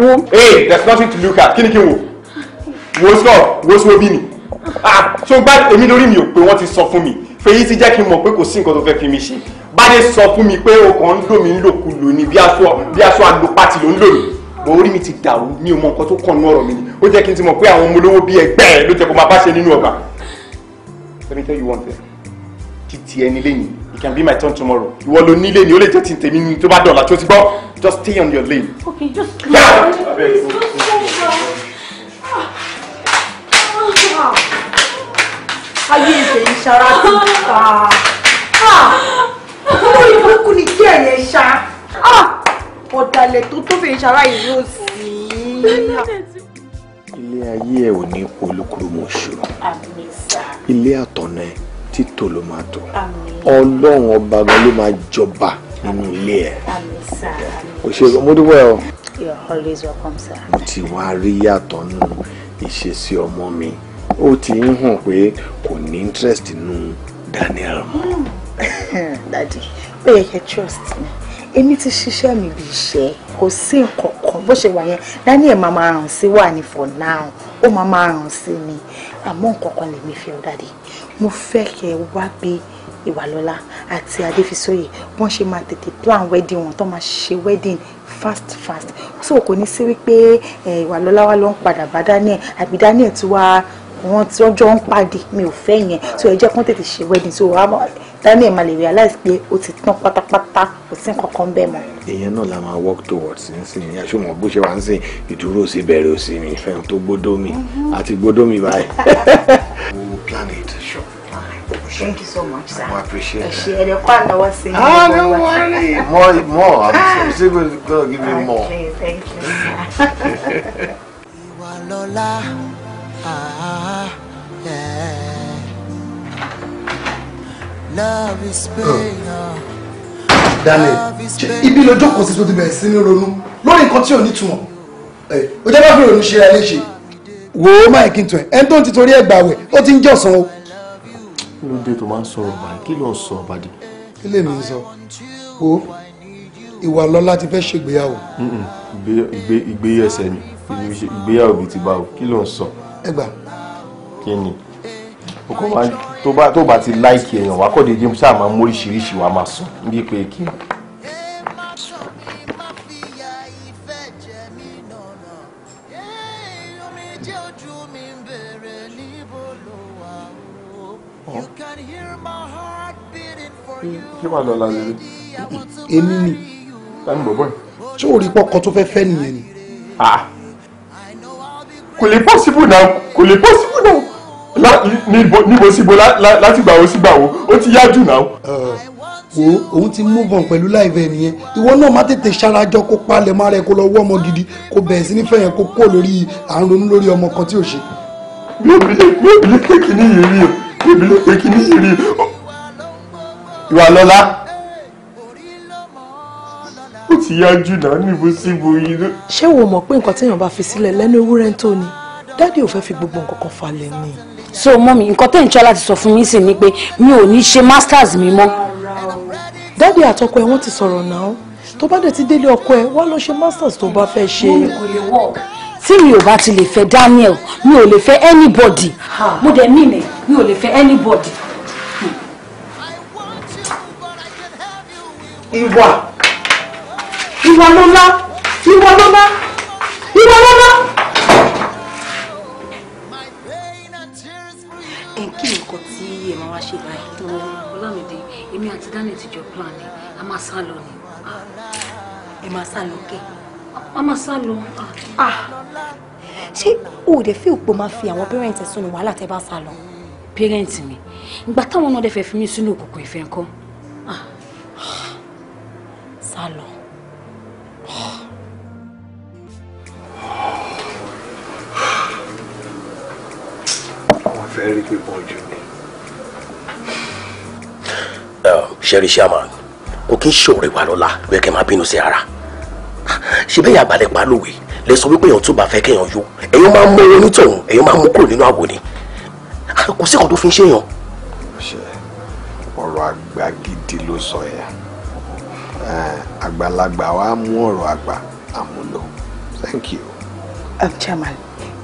Wo. Hey, there's nothing to look at. Kí ni kí n wò? Wo sọ, wo sọ bí mi. Ah, so o gbá èmi lórí mi ò pé wọ́n ti sọ fún mi? Fèyí ti jẹ́ kí n mọ̀ pé kò sí nǹkan tó fẹ́ fi mi ṣe sáré sọ fún mi pé o kàn ń lò mí lòkulò ni bí aṣọ àlòpàtì ló ń lò mí bọ orí mi ti dàrú ní o mọ nǹkan tó kàn ní ọ̀rọ̀ mi ni ó jẹ́ kí n ti mọ̀ pé àwọn ọmọ olówó bíi ẹgbẹ́ ẹ ló jẹ́ kó máa bá ṣe nínú ọgbà. let me tell you one thing títí ẹni lẹ́yìn it can be my turn tomorrow ìwọ ló nílé ni ó lè jẹ́ ti tèmi ni tó bá dọ̀la tó ti gbọ́ just stay on your lane. okay just leave (laughs) yeah. me please don't say that. ayé ìfẹ̀yìn ṣara ti ta. Ah. Ah kúkú ni kí ẹ̀yẹ ṣá ah! ọ̀dàlẹ̀ tó tó fẹ́ ṣara ìlú òsì. ilé ayé ẹ ò ní olúkúrúmọṣù ilé àtọ̀nà ẹ títò ló máa tò ọlọ́run ọba gan ló máa jọba nínú ilé ẹ kò ṣe ọmọ o. welcome sir. mo ti wá rí yàtọ̀ nù ìṣesí ọmọ mi ó ti ń hàn pé kò ní interest nù Daniel mọ́. Hmm. (laughs) daddy ó yẹ kẹ́ trust me èmi ti ṣiṣẹ́ mi bí iṣẹ́ kò sí nǹkan kan bó ṣe wà yẹn daniel máa máa ràn sí wà ní for now ó máa máa ràn sí ni àmọ́ nǹkan kan lèmi fẹ́ ọ dáadé mo fẹ́ kẹ́ wá bí ìwàlọ́lá àti adéfisóyè wọ́n ṣe máa tètè plan wedding wọn tó máa ṣe wedding fast fast so kò ní sí wípé ìwàlọ́lá wa ló ń padà bá daniel àbí daniel tí wàá wọn ń pàdé mi ò fẹ́ yẹn so ẹ jẹ́ kó tètè ṣe wedding so daniel ma lè pé ó ti tán pátápátá kò sí kankan bẹ́ẹ̀ mọ́. èèyàn náà la máa work towards nísìnyí àṣùmọ̀ bó ṣe wá ń sìn ìdúró sí bẹ̀rẹ̀ òsì mi ìfẹ́ tó gbódó mi àti mm-hmm. gbódó mi báyìí. (laughs) we plan it Thank you so much, sir. I appreciate it. Ah, don't worry. More, more. I'm still going to give you more. thank you, (laughs) Ìwà lọ́lá, ah, ah, ah dalẹ̀ ibi ló jókòó sí tó ti bẹ̀rẹ̀ sí ní ronú lórí nǹkan tí ò ní fi ronú ṣe ẹ léṣe wo ma kí n tún ẹ ẹni tó ń ti torí ẹ gbàwẹ̀ ó ti ń jẹ́ ọ̀sán o. kí ló dé tó máa ń sọ̀rọ̀ báyìí kí ló ń sọ bàdí. kí lèmi ń sọ o ìwà lọ́lá ti fẹ́ ṣègbéyàwó. ìgbéyẹsẹ̀ ni ìgbéyàwó bíi ti báwo kí ló ń sọ. ẹ gbà. o kò máa tó bá tó bá ti láìkì èèyàn wá kọ́dé james ṣáà máa ń móríṣiríṣi wàá máa sùn bí pé kí. ṣé wàá lọ lálẹ́ rẹ. èmi ni. tani bọ̀bọ̀ yìí. ṣé o rí pọkàn tó fẹ́ fẹ́ nìyẹn ni. Ah, ah. kò lè possible now kò lè possible now níbo síbo láti gbàwó sí gbàwó ó ti yá jù náà. wo òun ti move on pẹ̀lú láìpẹ́ nìyẹn ìwọ náà má tètè ṣarajọ kó palẹ̀ má rẹ kó lọ wọ́ ọmọ gidi kó bẹ̀rẹ̀ sí nífẹ̀ẹ́ yẹn kó kó lórí à lórí ọmọ kan tí ò ṣe. mi ò bìlẹ̀ pé kí ni yìí o mi ò bìlẹ̀ pé kí o. ìwà lọ́lá ó ti yá jù náà níbo síbo yìí. ṣé wo mọ̀ pé nǹkan téèyàn bá fi sílẹ̀ lẹ́nu ewúrẹ́ ń tó ni dáàdi ò fẹ́ fi gbogbo nǹkan falẹ̀ ni. so mọ́mí nǹkan tẹ́ ń tọ́ láti sọ fún mi sì ni pé mi ò ní ṣe masters mi mọ́. dáàdi àtọkọ ẹ wọ́n ti sọ̀rọ̀ náà tó bá dẹ̀ ti délé ọkọ ẹ wá lọ ṣe masters tó bá fẹ́ ṣe. mọ́mí kò lè wọ̀ tí mi ò bá ti lè fẹ́ Daniel mi ò lè fẹ́ anybody mo dẹ̀ mí mi mi ò lè fẹ́ anybody. ìwà ìwà lọ́lá ìwà lọ́lá ìwà lọ́lá. kí ni nǹkan tí ẹ máa wá ṣe báyìí. ọlámídé èmi àti daniel ti jọ plan ni a máa sá lọ ni ẹ máa sá lọ kẹ a máa sá lọ. ṣé o ò dé fi òpó máa fi àwọn pẹ́rẹ́ǹtì sínú wàhálà tẹ́ bá sá lọ. pẹ́rẹ́ǹtì mi ìgbà táwọn náà dẹ́ fẹ́ fi mí sínú òkùnkùn ìfẹ́ ńkọ́ sá lọ. rí pípọ̀ jù ni. ṣẹ́rí ṣàmà kò kí ń ṣòro ìwà lọ́la bẹ́ẹ̀ kẹ́ máa bínú sí ara ṣe bẹ́ẹ̀ àgbàlẹ̀ pa lówe lẹ sọ wípé èèyàn tó bá fẹ́ kéèyàn yó èèyàn máa ń mú owó nítòhún èèyàn máa ń mú kúrò nínú àwò ni kò sí kan tó fi ń ṣèyàn. ọ̀rọ̀ àgbà gidi ló sọ yẹn àgbàlagbà wa mú ọ̀rọ̀ àgbà àmúlò thank you. Um, chairman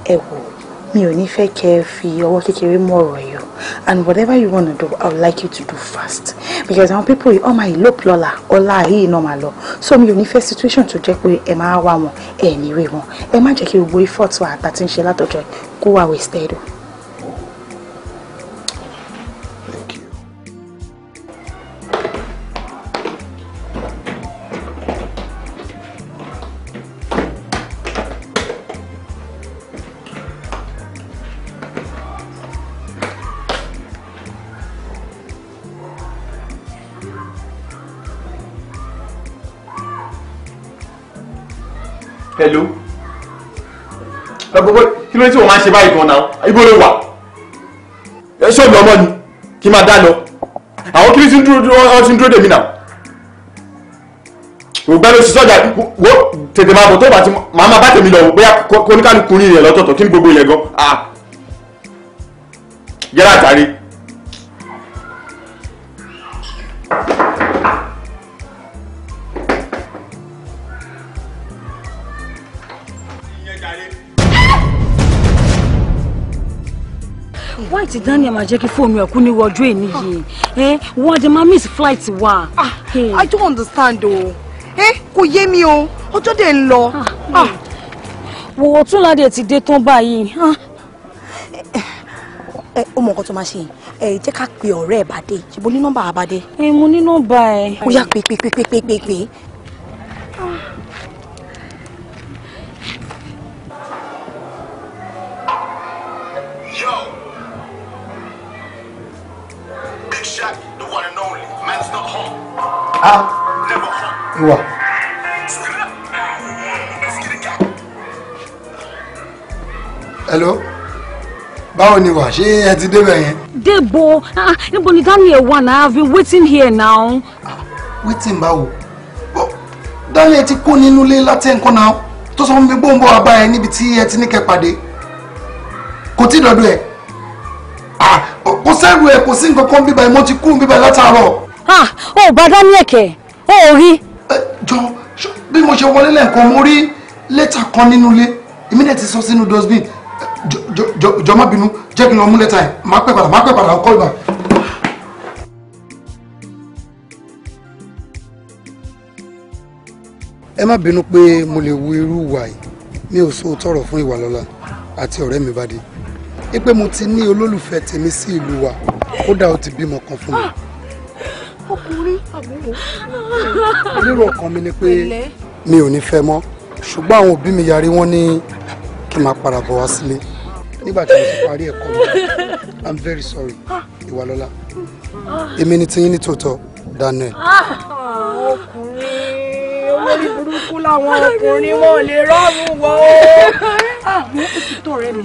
ẹ wò Me only ní fẹ́ kẹ́ ẹ fi ọwọ́ kékeré mú ọ̀rọ̀ yìí and whatever you wanna do i would like you to do fast because our people oh my, yìí lola, lọ́la he yìí náà máa so me only ní situation to check with Emma máa wá wọn ẹ ní rí wọn ẹ má jẹ́ kí gbogbo ifọ̀ tó àgbà ti ń ṣe wasted ṣe báyìí gan náà ibo ló wà ẹ ṣọ́ọ̀bù ọmọ ni kí n máa dá lọ àwọn kiri ti ń dúró wọn ti ń dúró dèmi náà ògbẹ́ni oṣù sọ́jà wo tètè máa bọ̀ tó bá ti máa máa bá tèmi lọ bóyá kóníkàlùkùnrin rẹ̀ lọ́tọ̀ọ̀tọ̀ kí ni gbogbo ilẹ̀ gan ah yàrá àtàrí. flight Daniel máa jẹ́ kí fóònù ẹ̀kú ní wọ́jú èmi yìí ẹ ah. eh, wọ́n jẹ́ máa miss flight wa. Ah, eh. i don't understand o ẹ eh, kò yé mi o ọjọ́ dẹ̀ ń lọ. wò ó tún ládé ti dé tán báyìí. ẹ ah. ó mọ nǹkan tó máa ṣe yìí ẹ jẹ́ ká pe ọ̀rẹ́ ẹ̀ bá dé ṣùgbọ́n ní nọ́mbà àbádé. ẹ mo ní nọ́mbà ẹ. ó yá pé pé pé pé pé pé a ìwà. hello báwo ni wà ṣé ẹ ti débẹ̀ yẹn. debo ah, ah, níbo ni daniel wà náà i have been waiting here now. Ah, waiting báwo daniel ti kó nínú ilé láti ẹ̀ńkọ́ náà tó sọ fún mi gbóǹgbò abá ẹ níbi tí ẹ ti ní kẹ́ pàdé kò tí dọ̀dọ̀ ẹ̀ kò sẹ́rù ẹ̀ kò sí nǹkan kan bíbá ẹ̀ mo ti kú bíbá ẹ̀ látàárọ̀ o bá dání ẹ̀kẹ́ o ò rí. jọ bí mo ṣe wọlé lẹ́ẹ̀kan mo rí lẹ́tà kan nínú ilé èmi náà ti sọ sínú dustbin jọ má bínú jẹ́ kí n lọ mú lẹ́tà ẹ̀ má pẹ́ padà má pẹ́ padà ọkọ ìgbà. ẹ má bínú pé mo lè wo irú ìwà yìí mi ò so tọrọ fún Ìwàlọ́lá àti ọ̀rẹ́ mi Bádé pé mo ti ní olólùfẹ́ tèmi sí ìlú wa kódà ó ti bímọ kan fún mi lérò ọkàn mi ni pé mi ò ní fẹ́ mọ́ ṣùgbọ́n àwọn òbí mi yarí wọ́n ní kí n máa padà bọ̀ wá sílé nígbà tí mo ti parí ẹ̀kọ́ mi i'm very sorry ìwàlọ́lá èmi ni tiyín ní tòótọ́ daniel. Ah, ọkùnrin olórí burúkú làwọn ọkùnrin wọn ò lè rọrùn wọ ah, ó. àwọn òtítọ́ rẹ mi.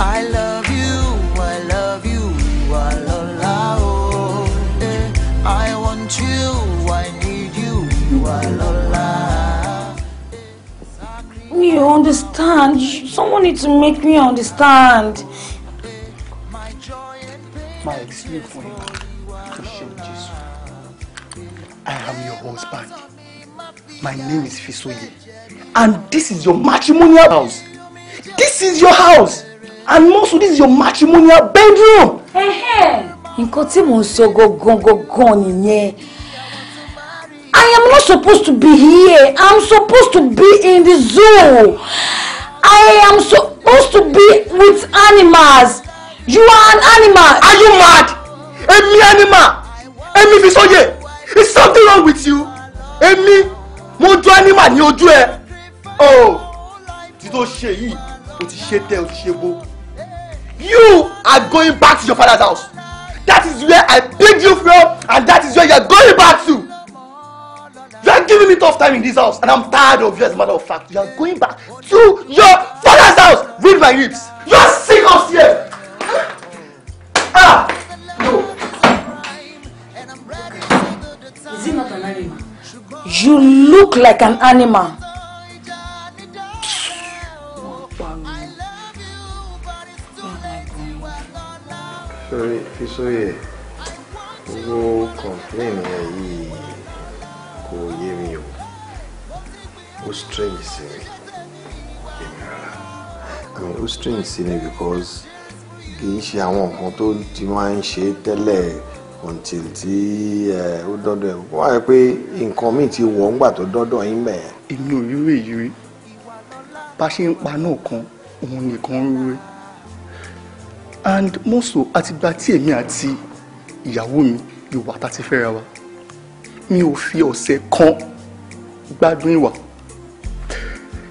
I love you I love you ìwàlọ́lá I want you I need you ìwàlọ́lá. You understand. Someone needs to make me understand. My excuse for you. I am your husband. My name is Fisoye and this is your matrimonial house this is your house and also this is your matrimonial bedroom. nǹkan tí mò ń sọ gangan gangan nìyẹn I am not supposed to be here I am supposed to be in the zoo I am supposed to be with animals you are an animal. are you mad? èmi animal èmi fi sóye is something wrong with you èmi mo ju animal ní ojú ẹ o oh! ti tó ṣe yìí o ti ṣe tẹ o ti ṣe bó you are going back to your father's house that is where I picked you from and that is where you are going back to you are giving me tough time in this house and I'm tired of you as a matter of fact you are going back to your father's house read my lips you are sick of here ah, ah! no. Is he not an animal? You look like an animal. sórí fi sórí ẹ̀ owó kọ̀ǹpléènì ẹ̀ yìí kò yé mi o ó strange sí mi èmi rárá I mean ó strange sí mi because kì í ṣe àwọn nǹkan tó ti máa ń ṣe tẹ́lẹ̀ until tí ó dọ́dọ̀ ẹ̀ wọ́n á yẹ pé nǹkan míì ti wọ̀ ńgbà tó dọ́dọ̀ yín bẹ̀. èmi ò rí rèé yìí bá ṣe ń pa náà kan òun nìkan ń rí rèé and mọ́sọ̀ àtìgbà tí èmi àti ìyàwó mi yóò wà fẹ́ra wa mi ò fi ọ̀sẹ̀ kan gbádùn ìwà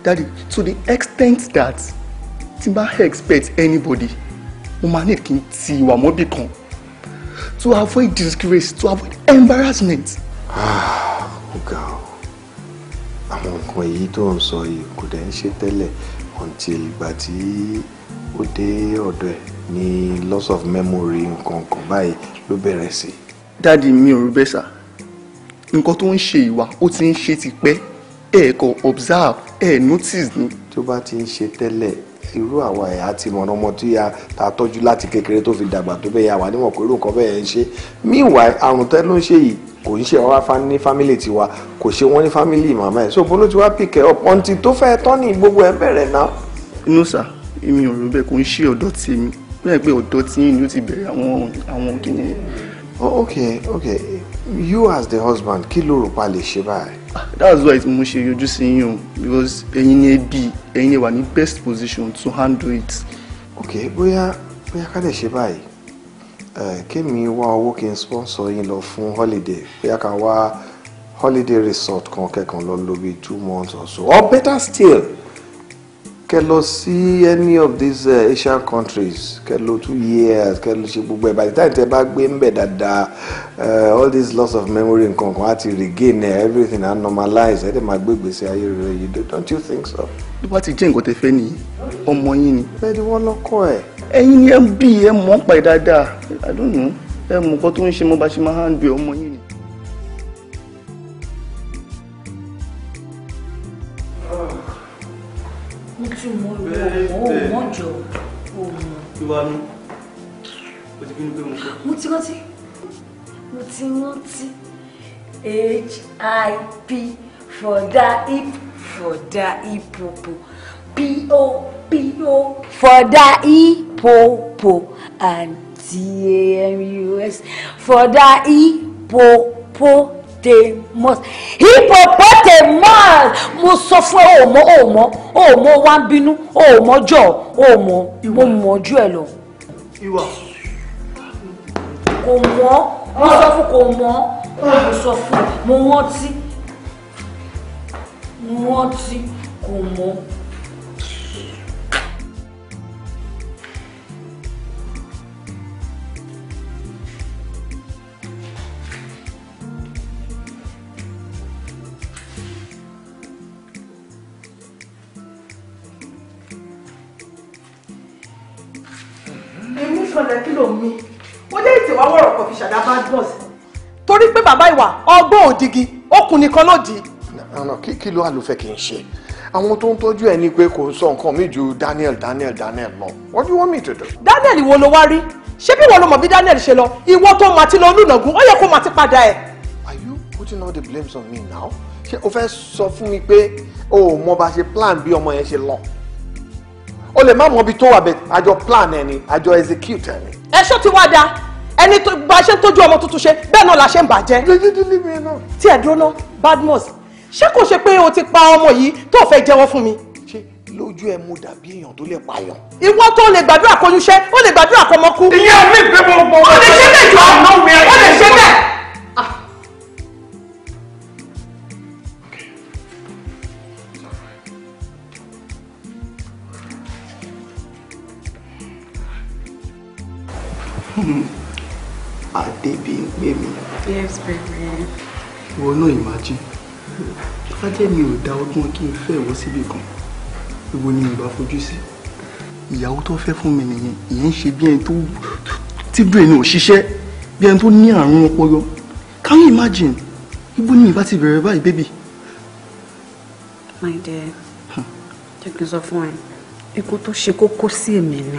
daddy to the extent that tí n expect anybody mo máa need kí n ti ìwà mọ́bì kan to avoid disgrace to avoid embarrassment. Ah, ọ̀gá o àwọn nǹkan èyí tó ń sọ yìí kò dẹ̀ ń ṣe tẹ́lẹ̀ until ìgbà tí ó dé ọ̀dọ̀ ẹ̀ ní loss of memory nǹkan kan báyìí ló bẹ̀rẹ̀ sí. dáàdi mi ò rí bẹ́ẹ̀ sà nǹkan tó ń ṣe ìwà ó ti ń ṣe ti pẹ́ ẹ̀ kò observe ẹ̀ notice ni. tó bá ti ń ṣe tẹ́lẹ̀ irú àwọn ẹ̀yà ti mọ̀nà ọmọ tí a ta tọ́jú láti kékeré tó fi dàgbà tó bẹ́ẹ̀ yà wá níwọ̀n pé irú nǹkan bẹ́ẹ̀ ń ṣe meanwhile àrùn tẹ́ ló ń ṣe yìí kò ń ṣe ọ̀rá ní fámìlì tiwa kò ṣe wọ́n ní fámìlì màmá ẹ̀ so bó ló ti wá pick up ọ̀ǹtì tó fẹ́ tọ́ ní gbogbo ẹ̀ bẹ̀rẹ̀ náà. inú sà èmi ò kò ń ṣe ọ̀dọ́ tèmi bẹ́ẹ̀ pé ọ̀dọ́ tí ìlú ti bẹ̀rẹ̀ àwọn àwọn kìíní. Oh, ok ok you as the husband kí ló rò pa lè ṣe báyìí. that's why mo ṣe yọjú sí yín o because ẹ̀yin ni ẹbí ẹ̀yin ni wà ní best position to handle it. ok bóyá bóyá ká lè ṣe báyìí eh, kémi wá owó kí n sponsor yín lọ fún holiday bóyá ká wá holiday resort kan kẹ́kàn lọ lóbi two months or so or better still kẹ lọ sí any of these uh, Asian countries kẹ lọ two years kẹ lọ ṣe gbogbo ẹ by the time tẹ bá gbé ńbẹ dáadáa eh, all these loss of memory nǹkan kan á ti regain uh, everything and normalize ẹ dẹ máa gbé gbèsè ayé rere yìí don't you think so. bí wàá ti jẹ́ nǹkan tẹ fẹ́ ni ọmọ yín ni. bẹ́ẹ̀ ni wọ́n lọ́kọ̀ ẹ̀. ẹ̀yin ni ẹ bí ẹ mọ̀ ọ́n pa dáadáa i don't know ẹ mọ̀ nǹkan tó ń ṣe mo bá ṣe máa ń gbé ọmọ yín ni. ti rántí mo ti rántí P for da hip for the hipopo p-o-p-o for the hipopo and t-a-m-u-s for da hipopo hippopotamus hippopotamus mo sọ fún ẹ òmọ òmọ òmọ wa ń bínú òmọ jọ òmọ mo mọ ojú ẹ lọ. ìwà kò mọ́ mo ah. sọ fún kò mọ́ mo ah. sọ fún mo rántí mo rántí kò mọ́. kí ló mi fi ṣàdábá bọ́ọ̀sì. torí pé bàbá ìwà ọgbọ́n òdigi okùn nìkan ló di. í. kí ló wà ló fẹ́ kí n ṣe àwọn tó ń tọ́jú ẹ ní pé kò sọ nǹkan mi ju Daniel Daniel Daniel lọ what do you want me to do. Daniel wo ló wá rí ṣé bí wọn ló mọ bí Daniel ṣe lọ ìwọ tó máa ti lọ lùnàgún ó yẹ kó máa ti padà ẹ. are you putting all the blame on me now ṣé o fẹ́ sọ fún mi pé o ò mọ bá ṣe plan bí ọmọ yẹn ṣe lọ o lè má mọ ibi tó wà bẹ àjọ plan ẹni àjọ execute ẹni. ẹ ṣó ti wá dáa ẹni tó bá ṣe ń tọ́jú ọmọ tuntun ṣe bẹ́ẹ̀ náà la ṣe ń bàjẹ́. tí ẹ dúró ná Badmus ṣé kò ṣe pé o ti pa ọmọ yìí tó fẹ́ jẹ́wọ́ fún mi. ṣé lójú ẹ mo dàbí èèyàn tó lè pààyàn. ìwọ tó lè gbàdúrà kọyúnṣẹ́ ó lè gbàdúrà kọmọ kú. ìyá mi gbé mo mọ. ó lè ṣe bẹ́ẹ̀ jọ ó lè ṣe bẹ́ẹ̀. Mm-hmm. Baby, ń pè mí. yes baby. ìwọ náà imagine fájẹ́ mi ò dá ọgbọ́n kí n fẹ́ ìwọ síbì kan ìwọ ni ìbá fojú sí ìyàwó tó fẹ́ fún mi nìyẹn ìyẹn ń ṣe bí ẹni tó tí brain ò ṣiṣẹ́ bí ẹni tó ní àrùn ọpọlọ can you imagine ibo ni ìbá ti bẹ̀rẹ̀ báyìí bébì. my dear jẹ́ kí n sọ fún ẹ ikú tó ṣe kókó sí èmi ni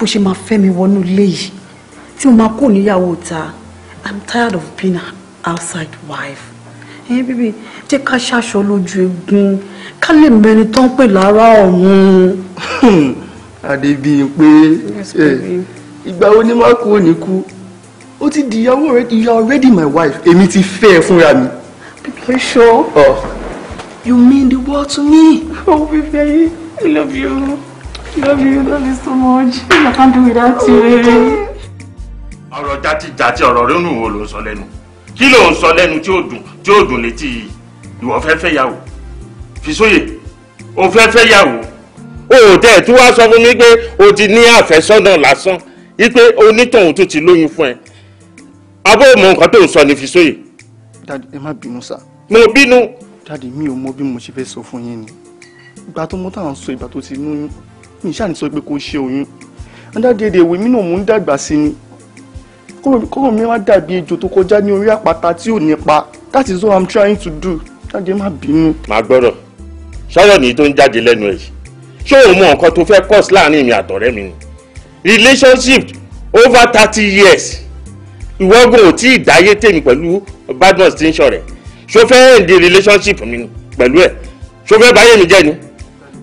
bó ṣe máa fẹ́ mi wọnú ilé yìí tí mo máa kó níyàwó ta i'm tired of being an outside wife Hey bíbí jẹ́ ká ṣaṣọ lójú egun ká lè mẹni tán pè lára ọ̀run. Hmm, adébíyìn pé eh, ìgbà wo ni máa kú òní kú ó ti di ìyàwó rẹ you are already my wife èmi ti fẹ́ ẹ fúnra mi. people sure. Oh. you mean the world to me. oh baby i love you i love you i love you so much i can't do without you. Oh, ọ̀rọ̀ játijàti ọ̀rọ̀ rínú wo ló sọ lẹ́nu kí ló ń sọ lẹ́nu tí ó dùn tí ó dùn létí ìwọ fẹ́ fẹ́ yàwó Fisóyè o fẹ́ fẹ́ yàwó. o ò tẹ̀ tí wàá sọ fún mi pé o ti ní àfẹ́sọ́nà lásán wípé onítọ̀hún tó ti lóyún fún ẹ abó mọ nǹkan tó ń sọ ni Fisóyè. dadi ẹ má bínú sá. mo bínú. dadi mi ò mọ bí mo ṣe fẹ́ sọ fún yín ni ìgbà tó mọ táwọn sọ ìgbà tó ti lóyún mi ṣáà ní sọ pé kò ṣe oyún ọ̀dà dédé ìwé mi náà mò ń dàgbà sí ni kọ́rọ̀ mi wá dàbí ejò tó kọjá ní orí àpáta tí ò nípa that is what i'm trying to do jáde má bínú. màá gbọ́dọ̀ sọ̀rọ̀ ní tó ń jáde lẹ́nu ẹ̀ ṣé o mọ nǹkan tó fẹ́ cause láàrin mi àtọ̀rẹ́ mi ni relationship over thirty years ìwọ́gùn ò tí ì dáyé tèmi pẹ̀lú badmus tí ń ṣọ̀rẹ́ ṣó fẹ́ end relationship mi pẹ̀lú ẹ̀ ṣó fẹ́ báyé mi jẹ́ ni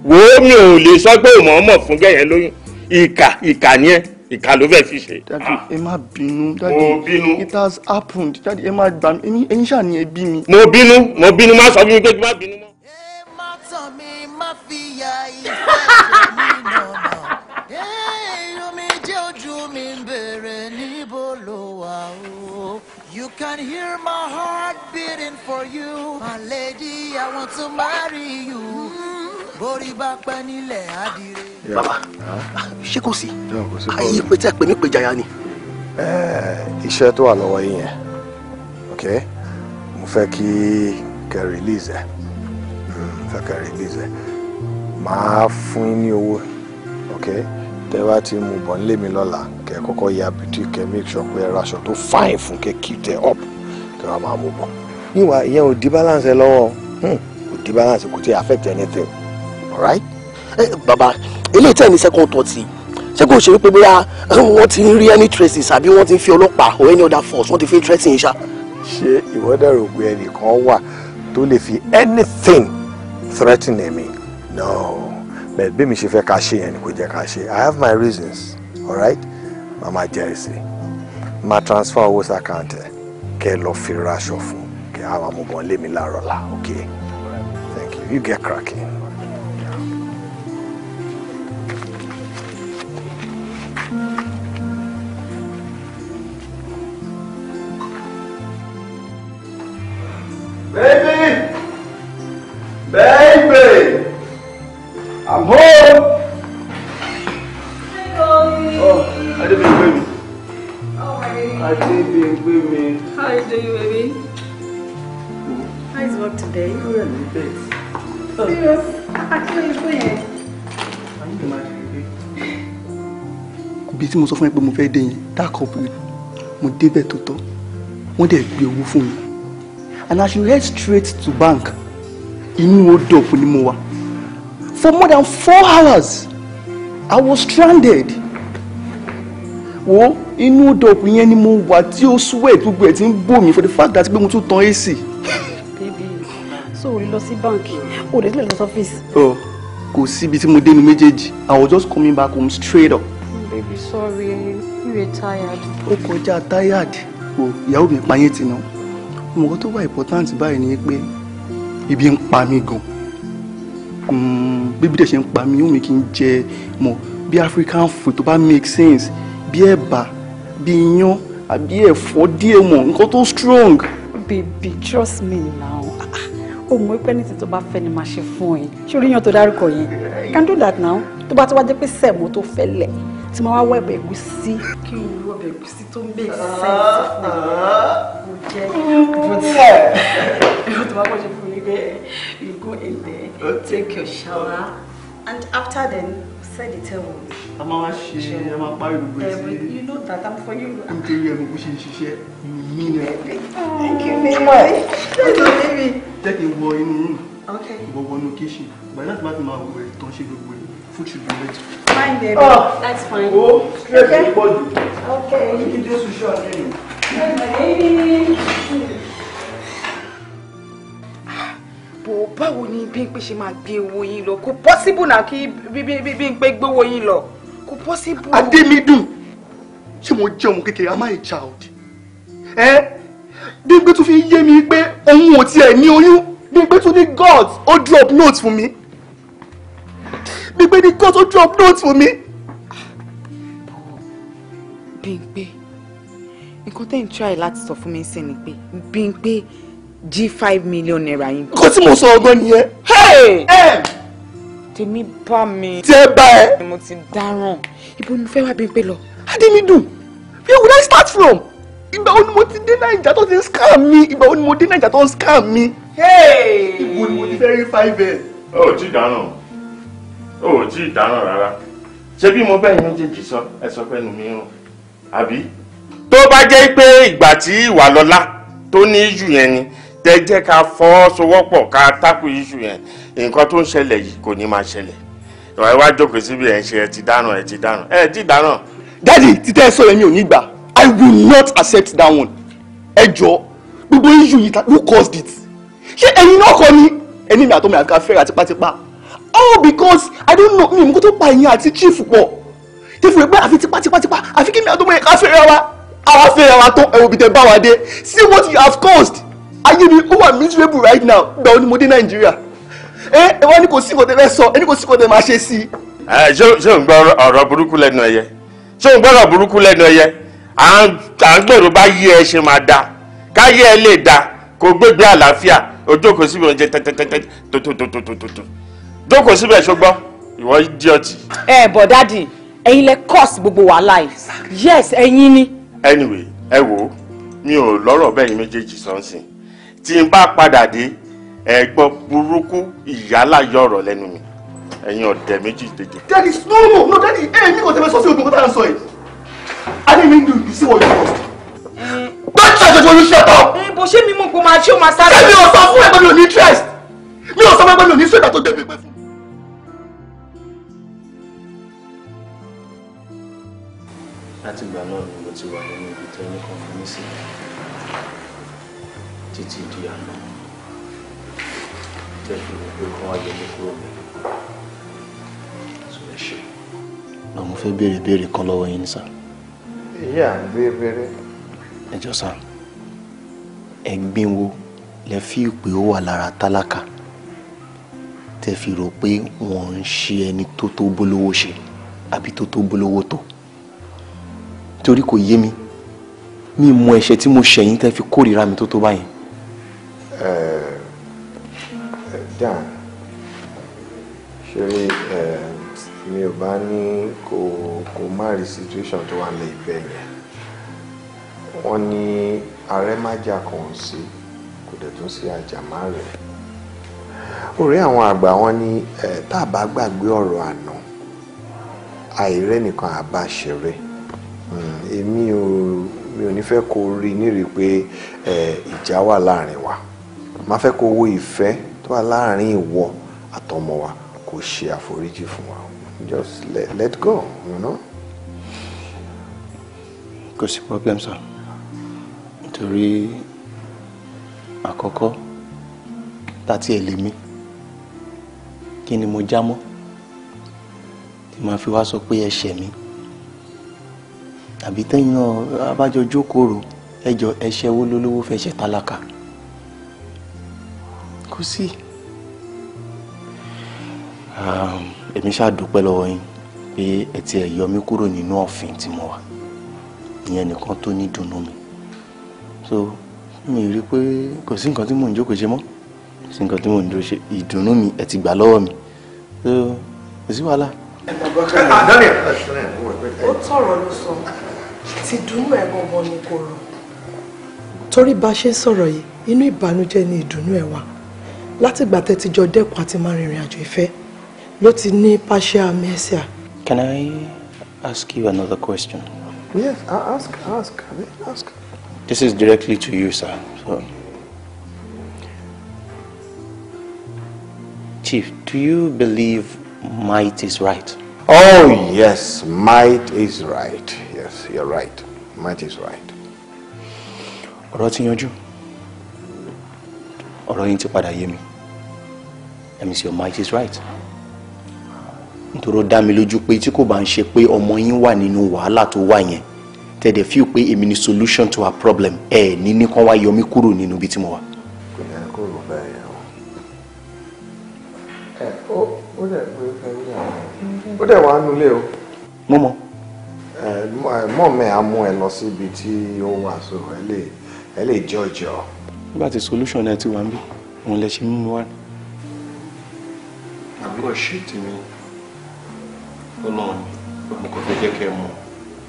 wò ó mi ò lè sọ pé òmò ọmọ fún gẹ̀yẹ́ lóyún ìkà ìkà ni ẹ́ ìka ló fẹ́ fi ṣe. dadi ah. ẹ má bínú mo bínú it has happened dadi ẹ má gbà mí ẹyin ṣáà ni ẹ mi. mo bínú mo bínú má sọ fún mi pé kí n má bínú mọ́. ẹ má tàn mí má fi ya ìfẹ́ mi nànà èèyàn mi jẹ́ ojú mi ń bèrè níbo ló wà o. You can hear my heart beating for you, my lady. I want to marry you. Mm borí bá pẹ́ nílẹ̀ adire. bàbá ṣé kò sí ayé pé tí a pè mí pé jaya ni. Eh, iṣẹ́ tó wà lọ́wọ́ yín yẹn ok mo fẹ́ kí kẹ́ release ẹ̀ hmm, fẹ́ kẹ́ release ẹ̀ màá fún yín ní owó ok tẹ wá ti mú bọ̀ nílé mi lọ́la kẹ kọ́kọ́ ya bìtì kẹ make sure pé ẹrọ aṣọ tó fine fún kẹ keep tẹ up kẹ wá máa mú bọ̀. níwà ìyẹn ò di balance ẹ lọ́wọ́ hmm, kò di balance kò tí ì affect anything right? Eh, bàbá eléyìí tẹ̀ ní second thought yìí ṣé kò ṣe wípé bóyá eh, wọ́n ti ń rí any traces àbí wọ́n ti ń fi ọlọ́pàá or any other force wọ́n ti fi ń threaten yín ṣá. ṣé ìwọ dẹ̀rọ pé ẹnìkan wà tó lè fi anything threaten me? no but bí mi ṣe fẹ́ ká ṣe yẹn ni kò jẹ́ ká ṣe i have my reasons alright màmá jẹ́rìí sí màá transfer owó sàkáǹtẹ̀ kẹ́ ẹ lọ fi raṣọ fún kẹ́ àwọn ọmọbọ̀n lé mi láàárọ̀ la okay thank you you get cracking. mo sọ fún ẹ pé mo fẹ́ dé yẹn that mo débẹ̀ tó wọ́n dẹ̀ gbé owó fún mi and as you head straight to bank inú hold up ni mo wà for more than four hours I was stranded wo inú hold up yẹn ni mo wà tí ó sweat gbogbo ẹ̀ tí ń bò mí for the fact that pé mo tún tan AC. baby so o lè lọ sí báńkì o lè lọ sí ọ́fíìsì. Oh, kò síbi tí mo dé nu méjèèjì I was just coming back home straight up baby sorry you were tired. ó kọjá tired o ìyàwó mi payé ti ná ọmọ kan tó wà important báyìí ni pé ibi ń pa mí gan bíbí hmm, dẹ̀ ṣe ń pa mí ó mi kì í jẹ mọ́ bí African food tó bá make sense bí ẹ̀bà bí iyán àbí ẹ̀fọ́ díẹ̀ mọ̀ nǹkan tó strong. baby trust me now ah, o mọ pé anything tó bá fẹ́ ni màá ṣe fún ẹ ṣé oríyàn tó dárúkọ yẹn can do that now tó bá tó wá jẹ́ pé sẹ̀mó tó fẹ́ lẹ̀ tí máa wá wẹ̀bẹ̀ ẹ̀gúsí. kí n wẹ̀bẹ̀ ẹ̀gúsí tó ń bèèrè ah. sẹ́ǹsì (laughs) fún mi mo jẹ́ bùtẹ́ ẹ̀rọ tó máa kọ́ṣe fún mi pé you go in there You take your shower and after then set the table. a máa wá ṣe ẹ máa parí gbogbo ẹ sí. you know that I'm for you. nítorí ẹnu kó ṣe ń ṣiṣẹ́ mi ni. thank you very much. thank you baby. jẹ́ kí n wọ inú yín. okay. ìwọ wọnú kíṣìn gbàdúrà tí wọ́n ti máa wọ ẹ̀ tán ṣe gbogbo ẹ̀ food should be ready. Fine, baby. Oh, that's fine. Oh, straight okay. body. Okay. You can do some short anyway. Bò báwo ni Bímpé ṣe máa gbé owó yín lọ? Kò pọ́síbù náà kí Bímpé gbówó yín lọ. Kò pọ́síbù. Adémídùn ṣé mo jẹ́ ọmọ kékeré am I a child? Ẹ́ eh? Bímpé tún fi yé mi pé òun ò tiẹ̀ ní oyún. Bímpé tún ní God ó drop note fún mi pé ni God tó drop note for me. Bímpé nǹkan tẹ́ ń try láti of fún mi sí ni pé Bímpé jí five million naira yín. nǹkan tí mo sọ ọgbọ́n nìyẹn. tèmi bá mi. tí ẹ bá ẹ. mo ti dáràn ibo mo fẹ́ wá Bímpé lọ. do? where would I start from? ìgbà wo ni mo ti dé naija tó ti ń scam mi ìgbà wo ni mo dé naija tó ń scam mi. ibo ni mo ti fẹ́ rí five ẹ̀ o ò tí ì dáná rárá ṣé bí mo bẹ́ẹ̀ méjèèjì sọ ẹ sọ pé ẹnu mi rún àbí. tó bá jẹ́ pé ìgbà tí ìwà lọ́lá tó ní ìjù yẹn ni tẹ jẹ́ ká fọwọ́sowọ́pọ̀ ká tákù ìjù yẹn nǹkan tó ń ṣẹlẹ̀ yìí kò ní máa ṣẹlẹ̀ ìwà ìwà jókòó síbi ẹ̀ ń ṣe ẹ ti dáná ẹ ti dáná ẹ ti dáná. dádì títẹ́ ẹ sọ̀rọ̀ mi ò ní gbà i will not accept that one ẹ jọ gbogbo ìjù yìí who caused it ṣé ẹ̀yin náà kọ́ ni ẹni mi àtọ́ mi àti ká fẹ́ra tipátipá all because i don't know mi mú kó tó pa ìyẹn àti chief pọ̀ tẹ́fù wípé àfi tipátipátipá àfi kí mi àtọ́mọ yẹn ká fẹ́ra wa àwa fẹ́ra wa tán ẹ̀wọ̀n bìtẹ̀ bá wa dé see what you have caused ayé mi ó wà miserable right now gbà ó ni mo dé nàìjíríà ẹ ẹ wá ní kò sí kòtẹ́ fẹ́ sọ ẹ ní kò sí kòtẹ́ máa ṣe sí. ẹ ṣé ṣé ń gbọ́ ọ̀rọ̀ burúkú lẹ́nu ẹyẹ ṣé ń gbọ́ ọ̀rọ̀ burúkú lẹ́nu ẹyẹ à ń gbèrò bá yí ẹ ṣe máa da ká yí ẹ lè da kó gbégbé àlàáfíà ojókòó síbi oúnjẹ tẹ́tẹ́tẹ́tẹ́ tótótótótótó jókòó síbẹ̀ ṣùgbọ́n ìwọ idiot. ẹ bọ̀ dáàdì ẹ̀yin lẹ cause gbogbo wàhálà yìí yes ẹ̀yin ni. anyway ẹ wo mi ò lọ́rọ̀ bẹ́ẹ̀ yín méjèèjì sọ́nsìn tí n bá padà dé ẹ̀gbọ́n burúkú ìyálà yọ̀rọ̀ lẹ́nu mi ẹ̀yin ọ̀dẹ̀ méjì dèjì. daddy no no no daddy ẹ mi kò tẹ́lẹ̀ sọ sí ogun kọ́tà sọ yìí i didn't mean to you see what you lost. don't try to shut up. bó ṣe mi mú kó máa ṣé o máa sáré. ṣé mi ò sọ fún ẹgbẹ́ mi ò ní interest mi ò sọ fún ẹgbẹ́ mi ò ní sweater tó débi pé fún. láti ìgbà náà ni mo ti wà nínú ibi tẹ́ ní kọ̀ǹfẹ́mísì títí di àná tẹ́ fi mọ̀ pé kọ́ wáyé mi kúrò mi sọ ẹ ṣe. àwọn fẹ́ béèrè béèrè kan lọ́wọ́ yín sá. èyí à ń béèrè béèrè. ẹ sá ẹgbin wo lẹ fi ìpè ó wà lára tálákà tẹ́ fi rò pé wọn ń ṣe ẹni tó tó bólówó ṣe àbí tó tó bólówó tó torí kò yé mi mi mọ ẹ̀ṣẹ̀ tí mo ṣẹ̀yìn tẹ́ fi kórìíra mi tó tó báyìí. ẹ ẹ dan ṣe ẹ mi ò bá ní kó kó má rí situation tó wà lẹ́yìn bẹ́ẹ̀ yẹn wọ́n ní arẹ́májà kan sí kò dẹ̀ tún sí àjàmá rẹ̀ ọ̀rẹ́ àwọn àgbà wọn ní tá a bá gbàgbé ọ̀rọ̀ àná àìrẹ́ nìkan àbá ṣeré. Eh, èmi ò mi ò ní fẹ́ kó rí nírì pé eh, ìjà wà láàrin wa máa fẹ́ kó wo ìfẹ́ tó wà láàrin ìwọ àtọmọ wa kó ṣe àforíjì fún wa just let, let go you know. kò sí problem sir nítorí àkọ́kọ́ tàti ẹ̀ lèmi kí ni mo já mọ́ tí màá fi wá sọ pé ẹ ṣẹ̀ mi tàbí tẹ́yìn náà abájọ jókòrò ẹjọ ẹṣẹ wo lólówó fẹ́ ṣe tálákà kò sí. èmi ṣáà dúpẹ́ lọ́wọ́ yín pé ẹ ti ẹ̀ yọ mí kúrò nínú ọ̀fìn tí mo wà ìyẹn nìkan tó ní dùnnú mi so mi rí i pé kò sí nǹkan tí mò ń jókòó ṣe mọ́ kò sí nǹkan tí mò ń dúró ṣe ìdùnnú mi ẹ ti gbà lọ́wọ́ mi so kò sí wàhálà. ó tọrọ ló sọ ti dùnú ẹ̀ gangan ni kò rọ̀ torí bá ṣe ń sọ̀rọ̀ yìí inú ìbànújẹ́ ni ìdùnnú ẹ̀ wà látìgbà tẹ́ ti jọ dẹ́kun àti máa rìnrìn àjò ìfẹ́ ló ti ní pàṣẹ amnesia. Can I ask you another question? Yes, ask, ask, ask. This is directly to you, sir. So. Chief, do you believe might is right? Oh, yes, might is right yes you're right matt is right. ọ̀rọ̀ ti yanjú ọ̀rọ̀ yín ti padà yé mi mc omite is right nítorí ó dá mi lójú pé tí kò bá ń ṣe pé ọmọ yín wà nínú wàhálà tó wà yẹn tẹ̀dẹ̀ fíw pé èmi ni solution to her problem Eh, ní ní kán wá yọ mí kúrò nínú ibi tí mo wà. kò yẹ kó rò bẹ́ẹ̀ yẹn o. ẹ ó dẹ̀ pé ó dẹ̀ wà nulẹ̀ o. mo mọ̀ mọ́ mi á ẹ lọ síbi tí ó wà so ẹ lè ẹ lè jẹ́ nígbà tí solution náà ti wà ń bí òun lè ṣe mú mi wá. àbúrò ṣì tì mí ọlọ́run mo kàn fẹ́ jẹ́ kẹ́ ẹ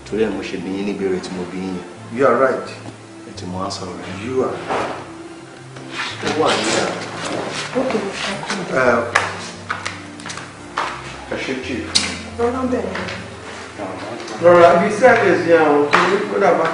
torí ẹ̀ mo ṣe bí yín níbi rẹ̀ tí mo bí yín you are right. ẹ ti mọ àṣà rẹ. you are. ó wà ní ìyá. ó kì í ṣe àkùnrin. ẹ ṣe chief. lọ́nà bẹ̀rẹ̀ lọ́ra bí sẹ́ẹ̀lẹ̀sì àwọn tó ní kó dàbá.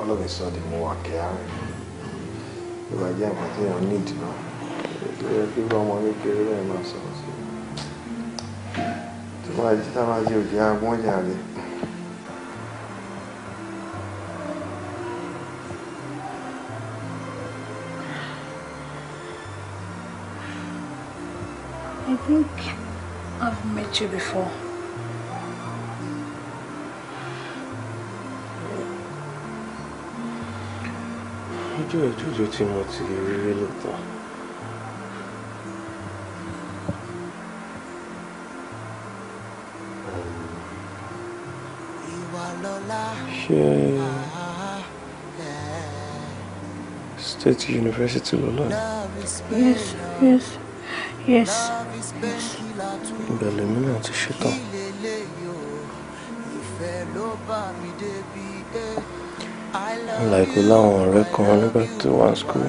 Ọlọ́run sọ di mo wà kẹ́ àárín. Ìwà jẹ́ àgbà tí èèyàn ní ìdìbò. Ìrẹ́pẹ́ bá ọmọ kékeré bẹ́ẹ̀ máa sọ̀rọ̀ sí i tó bá jí tá bá jí òjì agbọ́n jàre. I think I've met you before. ọjọ́ ìjọ́jọ́ tí mo ti rí rí lóòótọ́. ṣé state university ló lọ ni. yes yes yes. ìbẹ̀lẹ̀ mi náà ti ṣetán. láìpẹ́ láwọn ọ̀rẹ́ kan nígbà tí wà ní school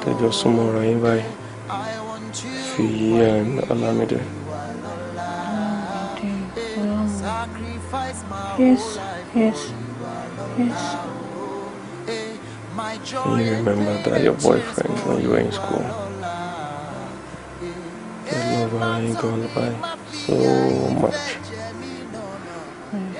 tẹjọ́ súnmọ́ ra yín báyìí fi yí ẹ̀ ní Ọlámídé. yes, yes, yes. And you remember that your boyfriend when you were in school. I lover ain't gonna buy so much. Mm-hmm.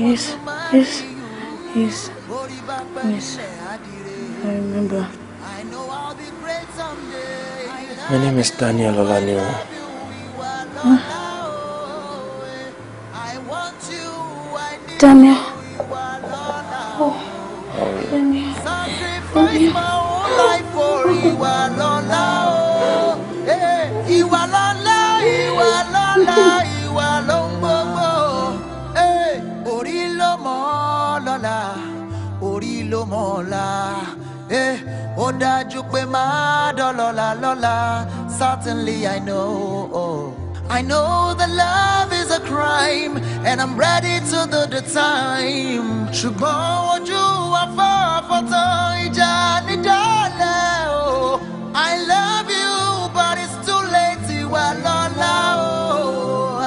Yes, yes, yes, yes. I remember. My name is Daniel Olaniwo. Huh? Daniel. Oh, Daniel. Daniel. Daniel. Ìwà lọ́lá, ìwà lọ́lá, no certainly I know. I know that love is a crime, and I'm ready to do the time. ṣùgbọ́n ojú afọ́fọ́tọ́ ìjà nídàálẹ̀ oh, I love you, but it's too late ìwà lọ́la oh.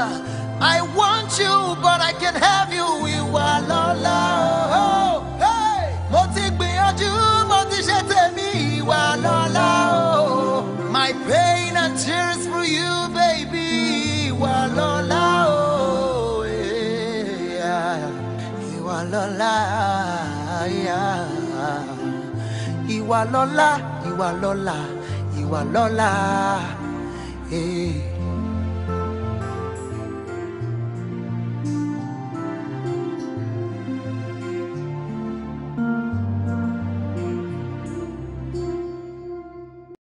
I want you, but I can not have. ìwà lọ́lá ìwà lọ́lá ìwà lọ́lá. Hey. Eh.